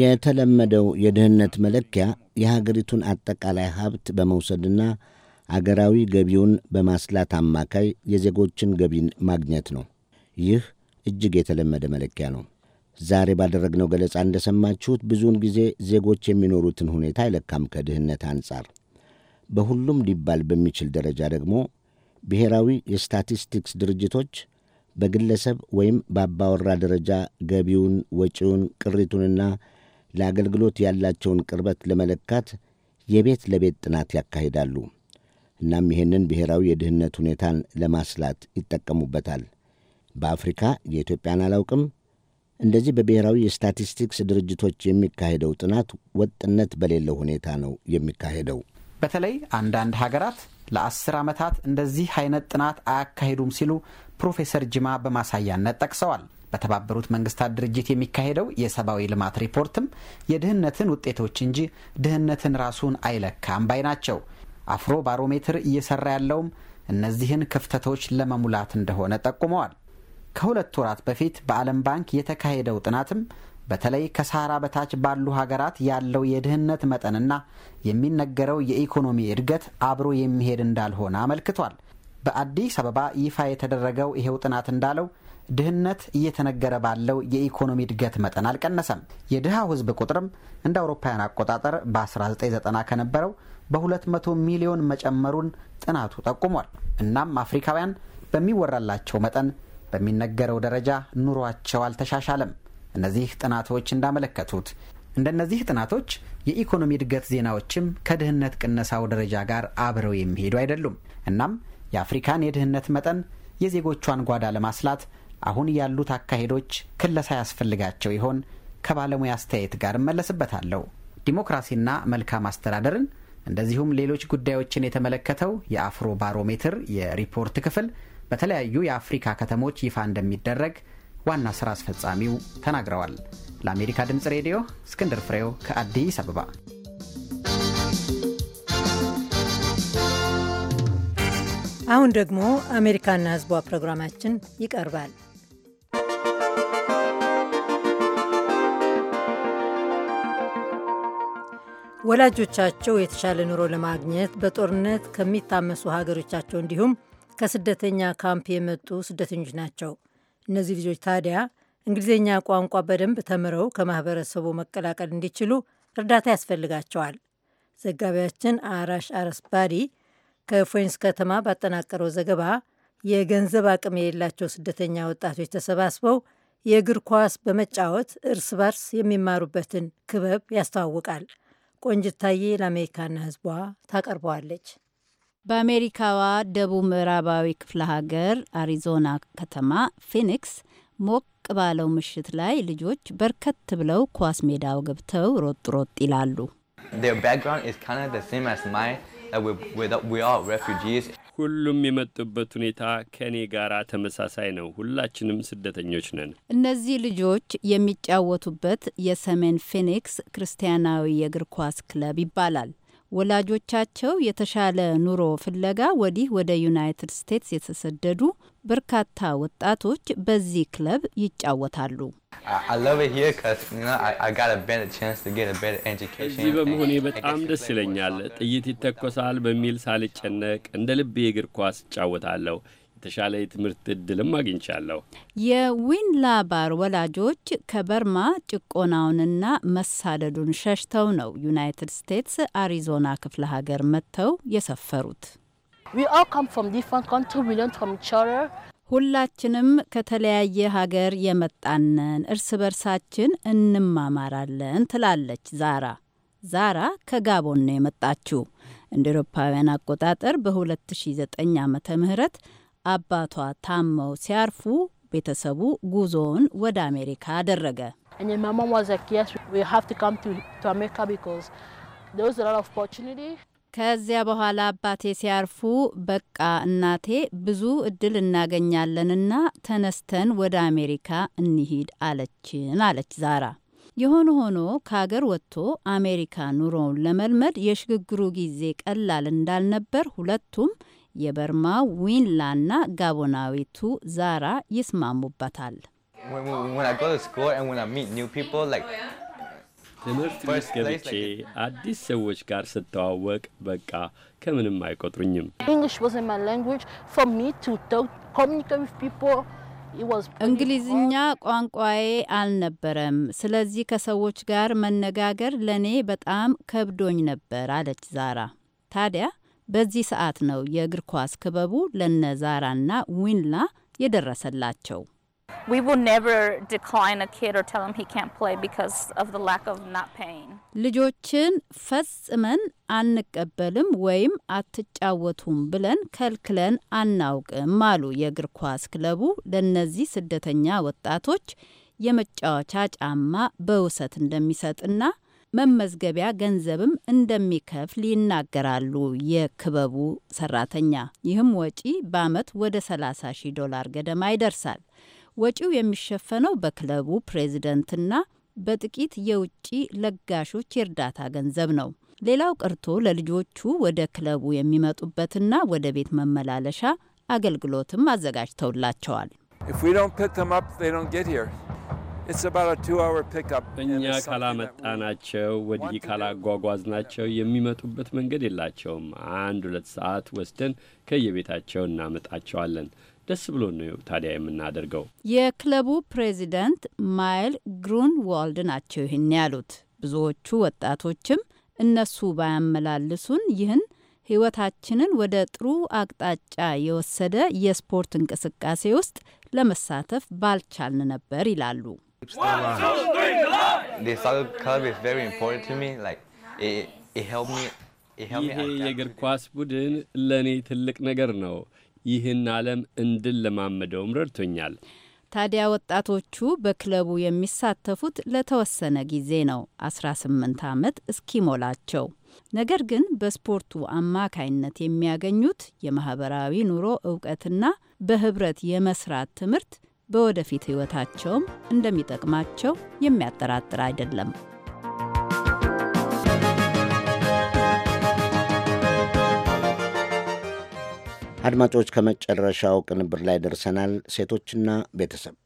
የተለመደው የድህነት መለኪያ የሀገሪቱን አጠቃላይ ሀብት በመውሰድና አገራዊ ገቢውን በማስላት አማካይ የዜጎችን ገቢን ማግኘት ነው። ይህ እጅግ የተለመደ መለኪያ ነው። ዛሬ ባደረግነው ገለጻ እንደሰማችሁት ብዙውን ጊዜ ዜጎች የሚኖሩትን ሁኔታ አይለካም። ከድህነት አንጻር በሁሉም ሊባል በሚችል ደረጃ ደግሞ ብሔራዊ የስታቲስቲክስ ድርጅቶች በግለሰብ ወይም በአባወራ ደረጃ ገቢውን፣ ወጪውን፣ ቅሪቱንና ለአገልግሎት ያላቸውን ቅርበት ለመለካት የቤት ለቤት ጥናት ያካሂዳሉ። እናም ይህንን ብሔራዊ የድህነት ሁኔታን ለማስላት ይጠቀሙበታል። በአፍሪካ የኢትዮጵያን አላውቅም እንደዚህ በብሔራዊ የስታቲስቲክስ ድርጅቶች የሚካሄደው ጥናት ወጥነት በሌለው ሁኔታ ነው የሚካሄደው። በተለይ አንዳንድ ሀገራት ለአስር ዓመታት እንደዚህ አይነት ጥናት አያካሂዱም ሲሉ ፕሮፌሰር ጅማ በማሳያነት ጠቅሰዋል። በተባበሩት መንግስታት ድርጅት የሚካሄደው የሰብአዊ ልማት ሪፖርትም የድህነትን ውጤቶች እንጂ ድህነትን ራሱን አይለካም ባይ ናቸው። አፍሮ ባሮሜትር እየሰራ ያለውም እነዚህን ክፍተቶች ለመሙላት እንደሆነ ጠቁመዋል። ከሁለት ወራት በፊት በዓለም ባንክ የተካሄደው ጥናትም በተለይ ከሳህራ በታች ባሉ ሀገራት ያለው የድህነት መጠንና የሚነገረው የኢኮኖሚ እድገት አብሮ የሚሄድ እንዳልሆነ አመልክቷል። በአዲስ አበባ ይፋ የተደረገው ይሄው ጥናት እንዳለው ድህነት እየተነገረ ባለው የኢኮኖሚ እድገት መጠን አልቀነሰም። የድሃው ህዝብ ቁጥርም እንደ አውሮፓውያን አቆጣጠር በ1990 ከነበረው በ200 ሚሊዮን መጨመሩን ጥናቱ ጠቁሟል። እናም አፍሪካውያን በሚወራላቸው መጠን በሚነገረው ደረጃ ኑሯቸው አልተሻሻለም። እነዚህ ጥናቶች እንዳመለከቱት እንደነዚህ ጥናቶች የኢኮኖሚ እድገት ዜናዎችም ከድህነት ቅነሳው ደረጃ ጋር አብረው የሚሄዱ አይደሉም። እናም የአፍሪካን የድህነት መጠን የዜጎቿን ጓዳ ለማስላት አሁን ያሉት አካሄዶች ክለሳ ያስፈልጋቸው ይሆን? ከባለሙያ አስተያየት ጋር እመለስበታለሁ። ዲሞክራሲና መልካም አስተዳደርን እንደዚሁም ሌሎች ጉዳዮችን የተመለከተው የአፍሮ ባሮሜትር የሪፖርት ክፍል በተለያዩ የአፍሪካ ከተሞች ይፋ እንደሚደረግ ዋና ስራ አስፈጻሚው ተናግረዋል። ለአሜሪካ ድምፅ ሬዲዮ እስክንድር ፍሬው ከአዲስ አበባ። አሁን ደግሞ አሜሪካና ሕዝቧ ፕሮግራማችን ይቀርባል። ወላጆቻቸው የተሻለ ኑሮ ለማግኘት በጦርነት ከሚታመሱ ሀገሮቻቸው እንዲሁም ከስደተኛ ካምፕ የመጡ ስደተኞች ናቸው። እነዚህ ልጆች ታዲያ እንግሊዝኛ ቋንቋ በደንብ ተምረው ከማህበረሰቡ መቀላቀል እንዲችሉ እርዳታ ያስፈልጋቸዋል። ዘጋቢያችን አራሽ አረስባዲ ከፎይንስ ከተማ ባጠናቀረው ዘገባ የገንዘብ አቅም የሌላቸው ስደተኛ ወጣቶች ተሰባስበው የእግር ኳስ በመጫወት እርስ በርስ የሚማሩበትን ክበብ ያስተዋውቃል። ቆንጅታዬ ለአሜሪካና ሕዝቧ ታቀርበዋለች። በአሜሪካዋ ደቡብ ምዕራባዊ ክፍለ ሀገር አሪዞና ከተማ ፊኒክስ ሞቅ ባለው ምሽት ላይ ልጆች በርከት ብለው ኳስ ሜዳው ገብተው ሮጥ ሮጥ ይላሉ። ሁሉም የመጡበት ሁኔታ ከእኔ ጋር ተመሳሳይ ነው። ሁላችንም ስደተኞች ነን። እነዚህ ልጆች የሚጫወቱበት የሰሜን ፊኒክስ ክርስቲያናዊ የእግር ኳስ ክለብ ይባላል። ወላጆቻቸው የተሻለ ኑሮ ፍለጋ ወዲህ ወደ ዩናይትድ ስቴትስ የተሰደዱ በርካታ ወጣቶች በዚህ ክለብ ይጫወታሉ። እዚህ በመሆኔ በጣም ደስ ይለኛል። ጥይት ይተኮሳል በሚል ሳልጨነቅ እንደ ልቤ እግር ኳስ እጫወታለሁ። የተሻለ የትምህርት እድልም አግኝቻለሁ። የዊን ላባር ወላጆች ከበርማ ጭቆናውንና መሳደዱን ሸሽተው ነው ዩናይትድ ስቴትስ አሪዞና ክፍለ ሀገር መጥተው የሰፈሩት። ሁላችንም ከተለያየ ሀገር የመጣንን እርስ በርሳችን እንማማራለን ትላለች ዛራ። ዛራ ከጋቦን ነው የመጣችው። እንደ ኤሮፓውያን አቆጣጠር በ2009 ዓመተ ምህረት አባቷ ታመው ሲያርፉ ቤተሰቡ ጉዞውን ወደ አሜሪካ አደረገ። ከዚያ በኋላ አባቴ ሲያርፉ በቃ እናቴ ብዙ እድል እናገኛለንና ተነስተን ወደ አሜሪካ እንሂድ አለችን አለች ዛራ። የሆነ ሆኖ ከሀገር ወጥቶ አሜሪካ ኑሮውን ለመልመድ የሽግግሩ ጊዜ ቀላል እንዳልነበር ሁለቱም የበርማ ዊንላና ጋቦናዊቱ ዛራ ይስማሙበታል። ትምህርት ቤት ገብቼ አዲስ ሰዎች ጋር ስተዋወቅ በቃ ከምንም አይቆጥሩኝም። እንግሊዝኛ ቋንቋዬ አልነበረም። ስለዚህ ከሰዎች ጋር መነጋገር ለእኔ በጣም ከብዶኝ ነበር አለች ዛራ። ታዲያ በዚህ ሰዓት ነው የእግር ኳስ ክበቡ ለነ ዛራና ዊንላ የደረሰላቸው። ልጆችን ፈጽመን አንቀበልም ወይም አትጫወቱም ብለን ከልክለን አናውቅም አሉ የእግር ኳስ ክለቡ ለእነዚህ ስደተኛ ወጣቶች የመጫወቻ ጫማ በውሰት እንደሚሰጥና መመዝገቢያ ገንዘብም እንደሚከፍል ይናገራሉ የክበቡ ሰራተኛ። ይህም ወጪ በአመት ወደ 30 ሺህ ዶላር ገደማ ይደርሳል። ወጪው የሚሸፈነው በክለቡ ፕሬዝደንትና በጥቂት የውጭ ለጋሾች የእርዳታ ገንዘብ ነው። ሌላው ቀርቶ ለልጆቹ ወደ ክለቡ የሚመጡበትና ወደ ቤት መመላለሻ አገልግሎትም አዘጋጅተውላቸዋል። እኛ ካላመጣናቸው ወዲህ ካላጓጓዝናቸው የሚመጡበት መንገድ የላቸውም። አንድ ሁለት ሰዓት ወስደን ከየቤታቸው እናመጣቸዋለን። ደስ ብሎ ነው ታዲያ የምናደርገው። የክለቡ ፕሬዚዳንት ማይል ግሩንዋልድ ናቸው ይህን ያሉት። ብዙዎቹ ወጣቶችም እነሱ ባያመላልሱን ይህን ህይወታችንን ወደ ጥሩ አቅጣጫ የወሰደ የስፖርት እንቅስቃሴ ውስጥ ለመሳተፍ ባልቻልን ነበር ይላሉ። still One, two, three, the soccer club is very important to me. Like it, it helped me. ይሄ የእግር ኳስ ቡድን ለእኔ ትልቅ ነገር ነው። ይህን ዓለም እንድን ለማመደውም ረድቶኛል። ታዲያ ወጣቶቹ በክለቡ የሚሳተፉት ለተወሰነ ጊዜ ነው፣ 18 ዓመት እስኪሞላቸው። ነገር ግን በስፖርቱ አማካይነት የሚያገኙት የማህበራዊ ኑሮ እውቀትና በህብረት የመስራት ትምህርት በወደፊት ሕይወታቸውም እንደሚጠቅማቸው የሚያጠራጥር አይደለም። አድማጮች፣ ከመጨረሻው ቅንብር ላይ ደርሰናል። ሴቶችና ቤተሰብ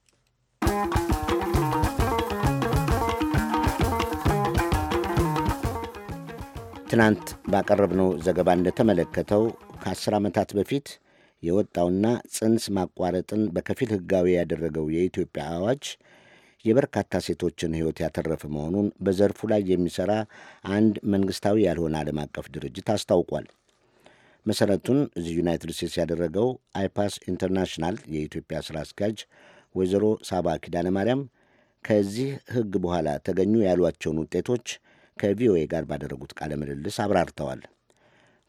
ትናንት ባቀረብነው ዘገባ እንደተመለከተው ከአስር ዓመታት በፊት የወጣውና ጽንስ ማቋረጥን በከፊል ሕጋዊ ያደረገው የኢትዮጵያ አዋጅ የበርካታ ሴቶችን ሕይወት ያተረፈ መሆኑን በዘርፉ ላይ የሚሠራ አንድ መንግሥታዊ ያልሆነ ዓለም አቀፍ ድርጅት አስታውቋል። መሠረቱን እዚህ ዩናይትድ ስቴትስ ያደረገው አይፓስ ኢንተርናሽናል የኢትዮጵያ ሥራ አስኪያጅ ወይዘሮ ሳባ ኪዳነ ማርያም ከዚህ ሕግ በኋላ ተገኙ ያሏቸውን ውጤቶች ከቪኦኤ ጋር ባደረጉት ቃለ ምልልስ አብራርተዋል።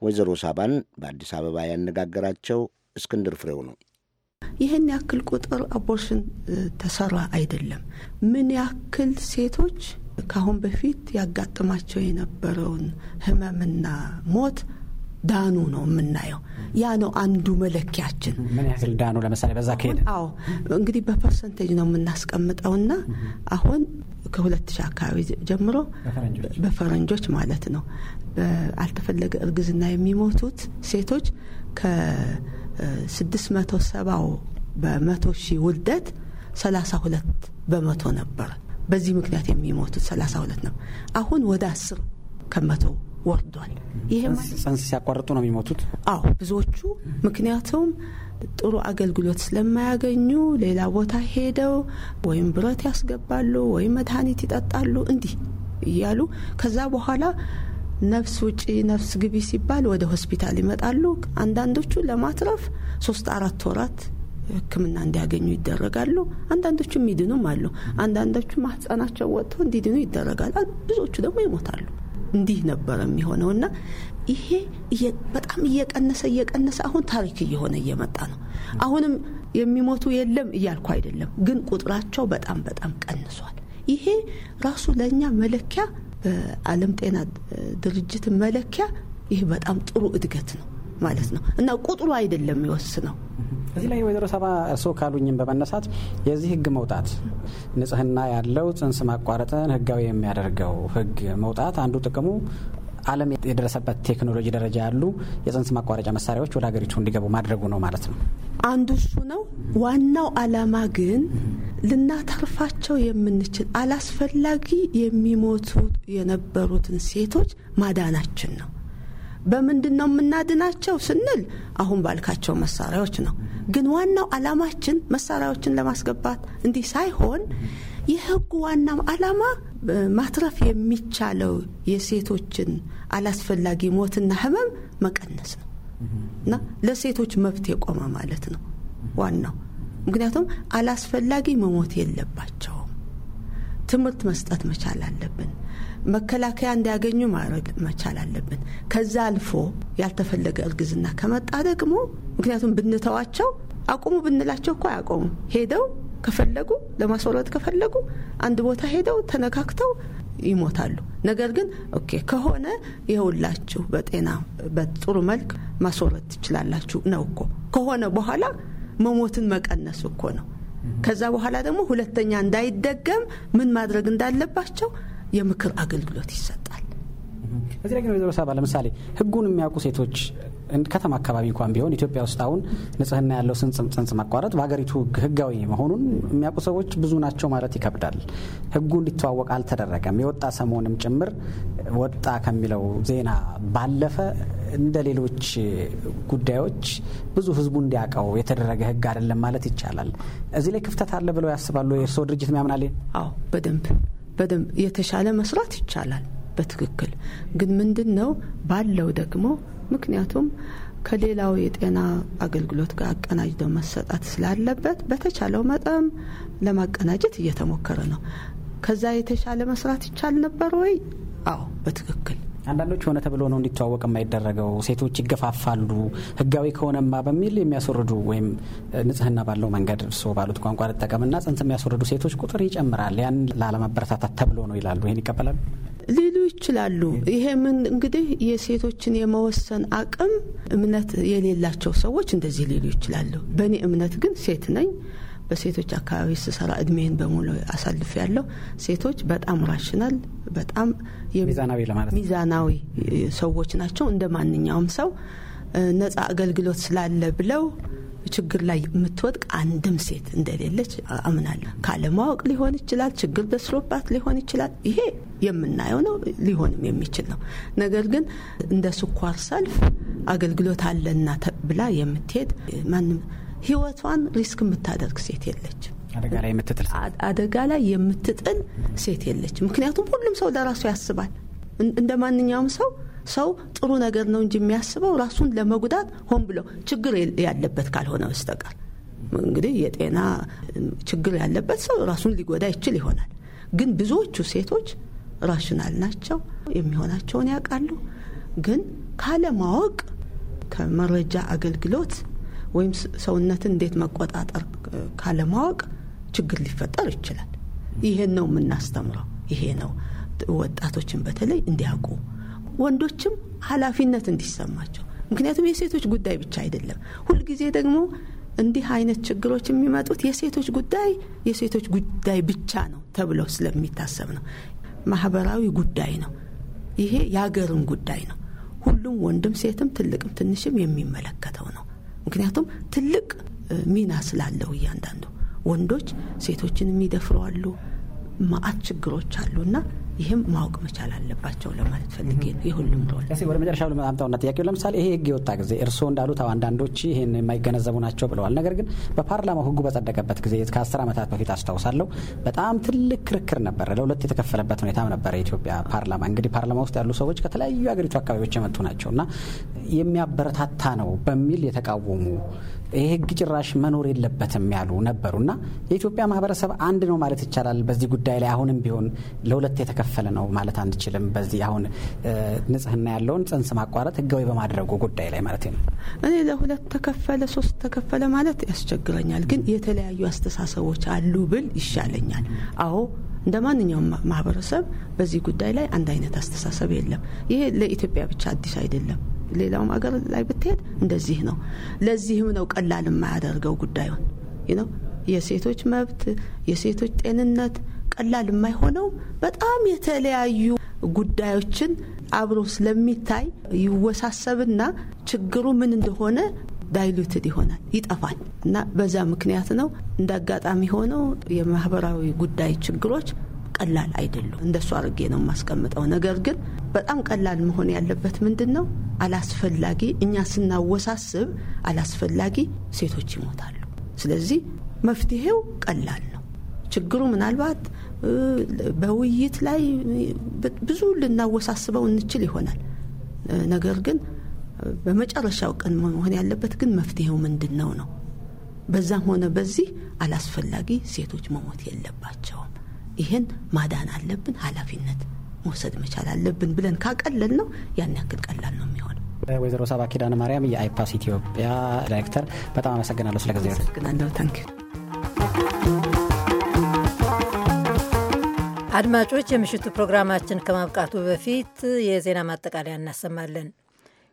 ወይዘሮ ሳባን በአዲስ አበባ ያነጋገራቸው እስክንድር ፍሬው ነው። ይህን ያክል ቁጥር አቦርሽን ተሰራ አይደለም። ምን ያክል ሴቶች ከአሁን በፊት ያጋጥማቸው የነበረውን ህመምና ሞት ዳኑ ነው የምናየው። ያ ነው አንዱ መለኪያችን። ምን ያክል ዳኑ? ለምሳሌ በዛ ከሄደ አዎ፣ እንግዲህ በፐርሰንቴጅ ነው የምናስቀምጠው እና አሁን ከሁለት ሺህ አካባቢ ጀምሮ በፈረንጆች ማለት ነው በአልተፈለገ እርግዝና የሚሞቱት ሴቶች ከ 670 በመቶ ሺህ ውልደት 32 በመቶ ነበር። በዚህ ምክንያት የሚሞቱት 32 ነው። አሁን ወደ 10 ከመቶ ወርዷል። ይሄ ጽንስ ሲያቋርጡ ነው የሚሞቱት። አዎ ብዙዎቹ ምክንያቱም ጥሩ አገልግሎት ስለማያገኙ ሌላ ቦታ ሄደው ወይም ብረት ያስገባሉ ወይም መድኃኒት ይጠጣሉ እንዲህ እያሉ ከዛ በኋላ ነፍስ ውጪ ነፍስ ግቢ ሲባል ወደ ሆስፒታል ይመጣሉ። አንዳንዶቹ ለማትረፍ ሶስት አራት ወራት ሕክምና እንዲያገኙ ይደረጋሉ። አንዳንዶቹ የሚድኑም አሉ። አንዳንዶቹ ማህፀናቸው ወጥቶ እንዲድኑ ይደረጋል። ብዙዎቹ ደግሞ ይሞታሉ። እንዲህ ነበረ የሚሆነው እና ይሄ በጣም እየቀነሰ እየቀነሰ አሁን ታሪክ እየሆነ እየመጣ ነው። አሁንም የሚሞቱ የለም እያልኩ አይደለም፣ ግን ቁጥራቸው በጣም በጣም ቀንሷል። ይሄ ራሱ ለእኛ መለኪያ በዓለም ጤና ድርጅት መለኪያ ይህ በጣም ጥሩ እድገት ነው ማለት ነው እና ቁጥሩ አይደለም የሚወስነው። እዚህ ላይ ወይዘሮ ሰባ እርስዎ ካሉኝም በመነሳት የዚህ ህግ መውጣት ንጽህና ያለው ጽንስ ማቋረጥን ህጋዊ የሚያደርገው ህግ መውጣት አንዱ ጥቅሙ ዓለም የደረሰበት ቴክኖሎጂ ደረጃ ያሉ የጽንስ ማቋረጫ መሳሪያዎች ወደ ሀገሪቱ እንዲገቡ ማድረጉ ነው ማለት ነው። አንዱ እሱ ነው። ዋናው ዓላማ ግን ልናተርፋቸው የምንችል አላስፈላጊ የሚሞቱ የነበሩትን ሴቶች ማዳናችን ነው። በምንድን ነው የምናድናቸው ስንል አሁን ባልካቸው መሳሪያዎች ነው። ግን ዋናው አላማችን መሳሪያዎችን ለማስገባት እንዲህ ሳይሆን የህጉ ዋና አላማ ማትረፍ የሚቻለው የሴቶችን አላስፈላጊ ሞትና ህመም መቀነስ ነው እና ለሴቶች መብት የቆመ ማለት ነው ዋናው ምክንያቱም አላስፈላጊ መሞት የለባቸውም። ትምህርት መስጠት መቻል አለብን። መከላከያ እንዲያገኙ ማድረግ መቻል አለብን። ከዛ አልፎ ያልተፈለገ እርግዝና ከመጣ ደግሞ ምክንያቱም ብንተዋቸው አቁሙ ብንላቸው እኮ አያቆሙ ሄደው ከፈለጉ ለማስወረድ ከፈለጉ አንድ ቦታ ሄደው ተነካክተው ይሞታሉ። ነገር ግን ኦኬ ከሆነ ይኸውላችሁ በጤና በጥሩ መልክ ማስወረድ ትችላላችሁ ነው እኮ ከሆነ በኋላ መሞትን መቀነሱ እኮ ነው። ከዛ በኋላ ደግሞ ሁለተኛ እንዳይደገም ምን ማድረግ እንዳለባቸው የምክር አገልግሎት ይሰጣል። እዚህ ላይ ግን ወይዘሮ ሳባ ለምሳሌ ህጉን የሚያውቁ ሴቶች ከተማ አካባቢ እንኳን ቢሆን ኢትዮጵያ ውስጥ አሁን ንጽህና ያለው ጽንስ ማቋረጥ በሀገሪቱ ህጋዊ መሆኑን የሚያውቁ ሰዎች ብዙ ናቸው ማለት ይከብዳል። ህጉ እንዲተዋወቅ አልተደረገም። የወጣ ሰሞንም ጭምር ወጣ ከሚለው ዜና ባለፈ እንደ ሌሎች ጉዳዮች ብዙ ህዝቡ እንዲያውቀው የተደረገ ህግ አይደለም ማለት ይቻላል። እዚህ ላይ ክፍተት አለ ብለው ያስባሉ? የእርስዎ ድርጅት ያምናል? አዎ፣ በደንብ በደንብ የተሻለ መስራት ይቻላል። በትክክል ግን ምንድን ነው ባለው ደግሞ ምክንያቱም ከሌላው የጤና አገልግሎት ጋር አቀናጅተው መሰጣት ስላለበት በተቻለው መጠን ለማቀናጀት እየተሞከረ ነው። ከዛ የተሻለ መስራት ይቻል ነበር ወይ? አዎ በትክክል አንዳንዶች ሆነ ተብሎ ነው እንዲተዋወቅ የማይደረገው። ሴቶች ይገፋፋሉ፣ ህጋዊ ከሆነማ በሚል የሚያስወርዱ ወይም ንጽህና ባለው መንገድ እርስዎ ባሉት ቋንቋ ልጠቀምና ጽንስ የሚያስወርዱ ሴቶች ቁጥር ይጨምራል፣ ያን ላለማበረታታት ተብሎ ነው ይላሉ። ይህን ይቀበላሉ? ሊሉ ይችላሉ። ምን እንግዲህ የሴቶችን የመወሰን አቅም እምነት የሌላቸው ሰዎች እንደዚህ ሊሉ ይችላሉ። በእኔ እምነት ግን ሴት ነኝ በሴቶች አካባቢ ስሰራ እድሜን በሙሉ አሳልፍ ያለው ሴቶች በጣም ራሽናል፣ በጣም ሚዛናዊ ሰዎች ናቸው። እንደ ማንኛውም ሰው ነጻ አገልግሎት ስላለ ብለው ችግር ላይ የምትወድቅ አንድም ሴት እንደሌለች አምናለሁ። ካለማወቅ ሊሆን ይችላል፣ ችግር ደስሮባት ሊሆን ይችላል። ይሄ የምናየው ነው፣ ሊሆንም የሚችል ነው። ነገር ግን እንደ ስኳር ሰልፍ አገልግሎት አለና ብላ የምትሄድ ማንም ህይወቷን ሪስክ የምታደርግ ሴት የለች አደጋ ላይ የምትጥል ሴት የለችም። ምክንያቱም ሁሉም ሰው ለራሱ ያስባል እንደ ማንኛውም ሰው ሰው ጥሩ ነገር ነው እንጂ የሚያስበው ራሱን ለመጉዳት ሆን ብለው ችግር ያለበት ካልሆነ በስተቀር እንግዲህ የጤና ችግር ያለበት ሰው ራሱን ሊጎዳ ይችል ይሆናል። ግን ብዙዎቹ ሴቶች ራሽናል ናቸው፣ የሚሆናቸውን ያውቃሉ። ግን ካለማወቅ ከመረጃ አገልግሎት ወይም ሰውነትን እንዴት መቆጣጠር ካለማወቅ ችግር ሊፈጠር ይችላል። ይሄን ነው የምናስተምረው። ይሄ ነው ወጣቶችን በተለይ እንዲያውቁ ወንዶችም ኃላፊነት እንዲሰማቸው ምክንያቱም የሴቶች ጉዳይ ብቻ አይደለም። ሁልጊዜ ደግሞ እንዲህ አይነት ችግሮች የሚመጡት የሴቶች ጉዳይ የሴቶች ጉዳይ ብቻ ነው ተብሎ ስለሚታሰብ ነው። ማህበራዊ ጉዳይ ነው። ይሄ የሀገርም ጉዳይ ነው። ሁሉም ወንድም፣ ሴትም፣ ትልቅም ትንሽም የሚመለከተው ነው። ምክንያቱም ትልቅ ሚና ስላለው እያንዳንዱ ወንዶች ሴቶችን የሚደፍረዋሉ ማአት ችግሮች አሉና ይህም ማወቅ መቻል አለባቸው ለማለት ፈልጌ ነው። የሁሉም ሮል ወደ መጨረሻው ለመጣምጣውና ጥያቄው ለምሳሌ ይሄ ህግ የወጣ ጊዜ እርስዎ እንዳሉት አንዳንዶች ይህን የማይገነዘቡ ናቸው ብለዋል። ነገር ግን በፓርላማው ህጉ በጸደቀበት ጊዜ ከአስር ዓመታት በፊት አስታውሳለሁ በጣም ትልቅ ክርክር ነበረ። ለሁለት የተከፈለበት ሁኔታም ነበረ የኢትዮጵያ ፓርላማ። እንግዲህ ፓርላማ ውስጥ ያሉ ሰዎች ከተለያዩ ሀገሪቱ አካባቢዎች የመጡ ናቸው እና የሚያበረታታ ነው በሚል የተቃወሙ ይህ ህግ ጭራሽ መኖር የለበትም ያሉ እና የኢትዮጵያ ማህበረሰብ አንድ ነው ማለት ይቻላል። በዚህ ጉዳይ ላይ አሁንም ቢሆን ለሁለት የተከፈለ ነው ማለት አንችልም። በዚህ አሁን ንጽህና ያለውን ጽንስ ማቋረጥ ህጋዊ በማድረጉ ጉዳይ ላይ ማለት ነው። እኔ ለሁለት ተከፈለ፣ ሶስት ተከፈለ ማለት ያስቸግረኛል። ግን የተለያዩ አስተሳሰቦች አሉ ብል ይሻለኛል። አዎ እንደ ማንኛውም ማህበረሰብ በዚህ ጉዳይ ላይ አንድ አይነት አስተሳሰብ የለም። ይሄ ለኢትዮጵያ ብቻ አዲስ አይደለም። ሌላውም ሀገር ላይ ብትሄድ እንደዚህ ነው። ለዚህም ነው ቀላል የማያደርገው ጉዳዩን ነው የሴቶች መብት፣ የሴቶች ጤንነት ቀላል የማይሆነው በጣም የተለያዩ ጉዳዮችን አብሮ ስለሚታይ ይወሳሰብና ችግሩ ምን እንደሆነ ዳይሉትድ ይሆናል፣ ይጠፋል። እና በዛ ምክንያት ነው እንደ አጋጣሚ ሆነው የማህበራዊ ጉዳይ ችግሮች ቀላል አይደሉም። እንደሱ አድርጌ ነው የማስቀምጠው። ነገር ግን በጣም ቀላል መሆን ያለበት ምንድን ነው? አላስፈላጊ እኛ ስናወሳስብ አላስፈላጊ ሴቶች ይሞታሉ። ስለዚህ መፍትሄው ቀላል ነው። ችግሩ ምናልባት በውይይት ላይ ብዙ ልናወሳስበው እንችል ይሆናል። ነገር ግን በመጨረሻው ቀን መሆን ያለበት ግን መፍትሄው ምንድን ነው ነው። በዛም ሆነ በዚህ አላስፈላጊ ሴቶች መሞት የለባቸውም። ይሄን ማዳን አለብን፣ ኃላፊነት መውሰድ መቻል አለብን ብለን ካቀለል ነው ያን ያክል ቀላል ነው የሚሆነው። ወይዘሮ ሰባ ኪዳነ ማርያም የአይፓስ ኢትዮጵያ ዳይሬክተር፣ በጣም አመሰግናለሁ ስለ ጊዜ። አመሰግናለሁ። ታንክ አድማጮች፣ የምሽቱ ፕሮግራማችን ከማብቃቱ በፊት የዜና ማጠቃለያ እናሰማለን።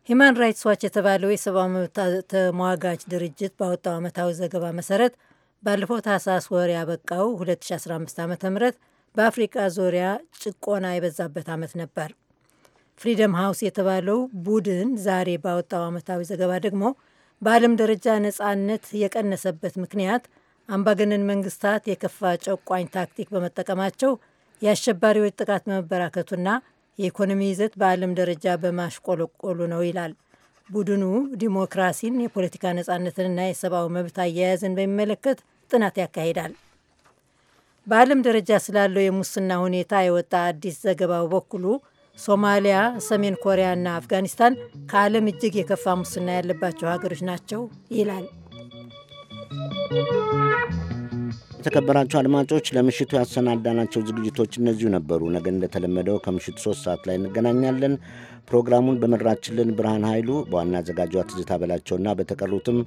ሂማን ራይትስ ዋች የተባለው የሰብአዊ መብት ተሟጋጅ ድርጅት ባወጣው ዓመታዊ ዘገባ መሰረት ባለፈው ታህሳስ ወር ያበቃው 2015 ዓ ም በአፍሪቃ ዙሪያ ጭቆና የበዛበት ዓመት ነበር። ፍሪደም ሃውስ የተባለው ቡድን ዛሬ ባወጣው ዓመታዊ ዘገባ ደግሞ በዓለም ደረጃ ነፃነት የቀነሰበት ምክንያት አምባገነን መንግስታት የከፋ ጨቋኝ ታክቲክ በመጠቀማቸው የአሸባሪዎች ጥቃት መበራከቱና የኢኮኖሚ ይዘት በዓለም ደረጃ በማሽቆለቆሉ ነው ይላል። ቡድኑ ዲሞክራሲን፣ የፖለቲካ ነጻነትንና የሰብአዊ መብት አያያዝን በሚመለከት ጥናት ያካሂዳል። በዓለም ደረጃ ስላለው የሙስና ሁኔታ የወጣ አዲስ ዘገባ በበኩሉ ሶማሊያ፣ ሰሜን ኮሪያና አፍጋኒስታን ከዓለም እጅግ የከፋ ሙስና ያለባቸው ሀገሮች ናቸው ይላል። የተከበራችሁ አድማጮች ለምሽቱ ያሰናዳናቸው ዝግጅቶች እነዚሁ ነበሩ። ነገ እንደተለመደው ከምሽቱ ሶስት ሰዓት ላይ እንገናኛለን። ፕሮግራሙን በመራችልን ብርሃን ኃይሉ በዋና አዘጋጇ ትዝታ በላቸውና በተቀሩትም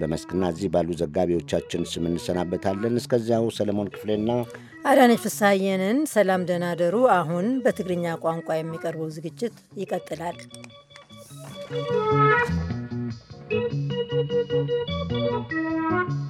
በመስክና እዚህ ባሉ ዘጋቢዎቻችን ስም እንሰናበታለን። እስከዚያው ሰለሞን ክፍሌና አዳነች ፍስሐየንን ሰላም ደናደሩ። አሁን በትግርኛ ቋንቋ የሚቀርበው ዝግጅት ይቀጥላል። Thank you.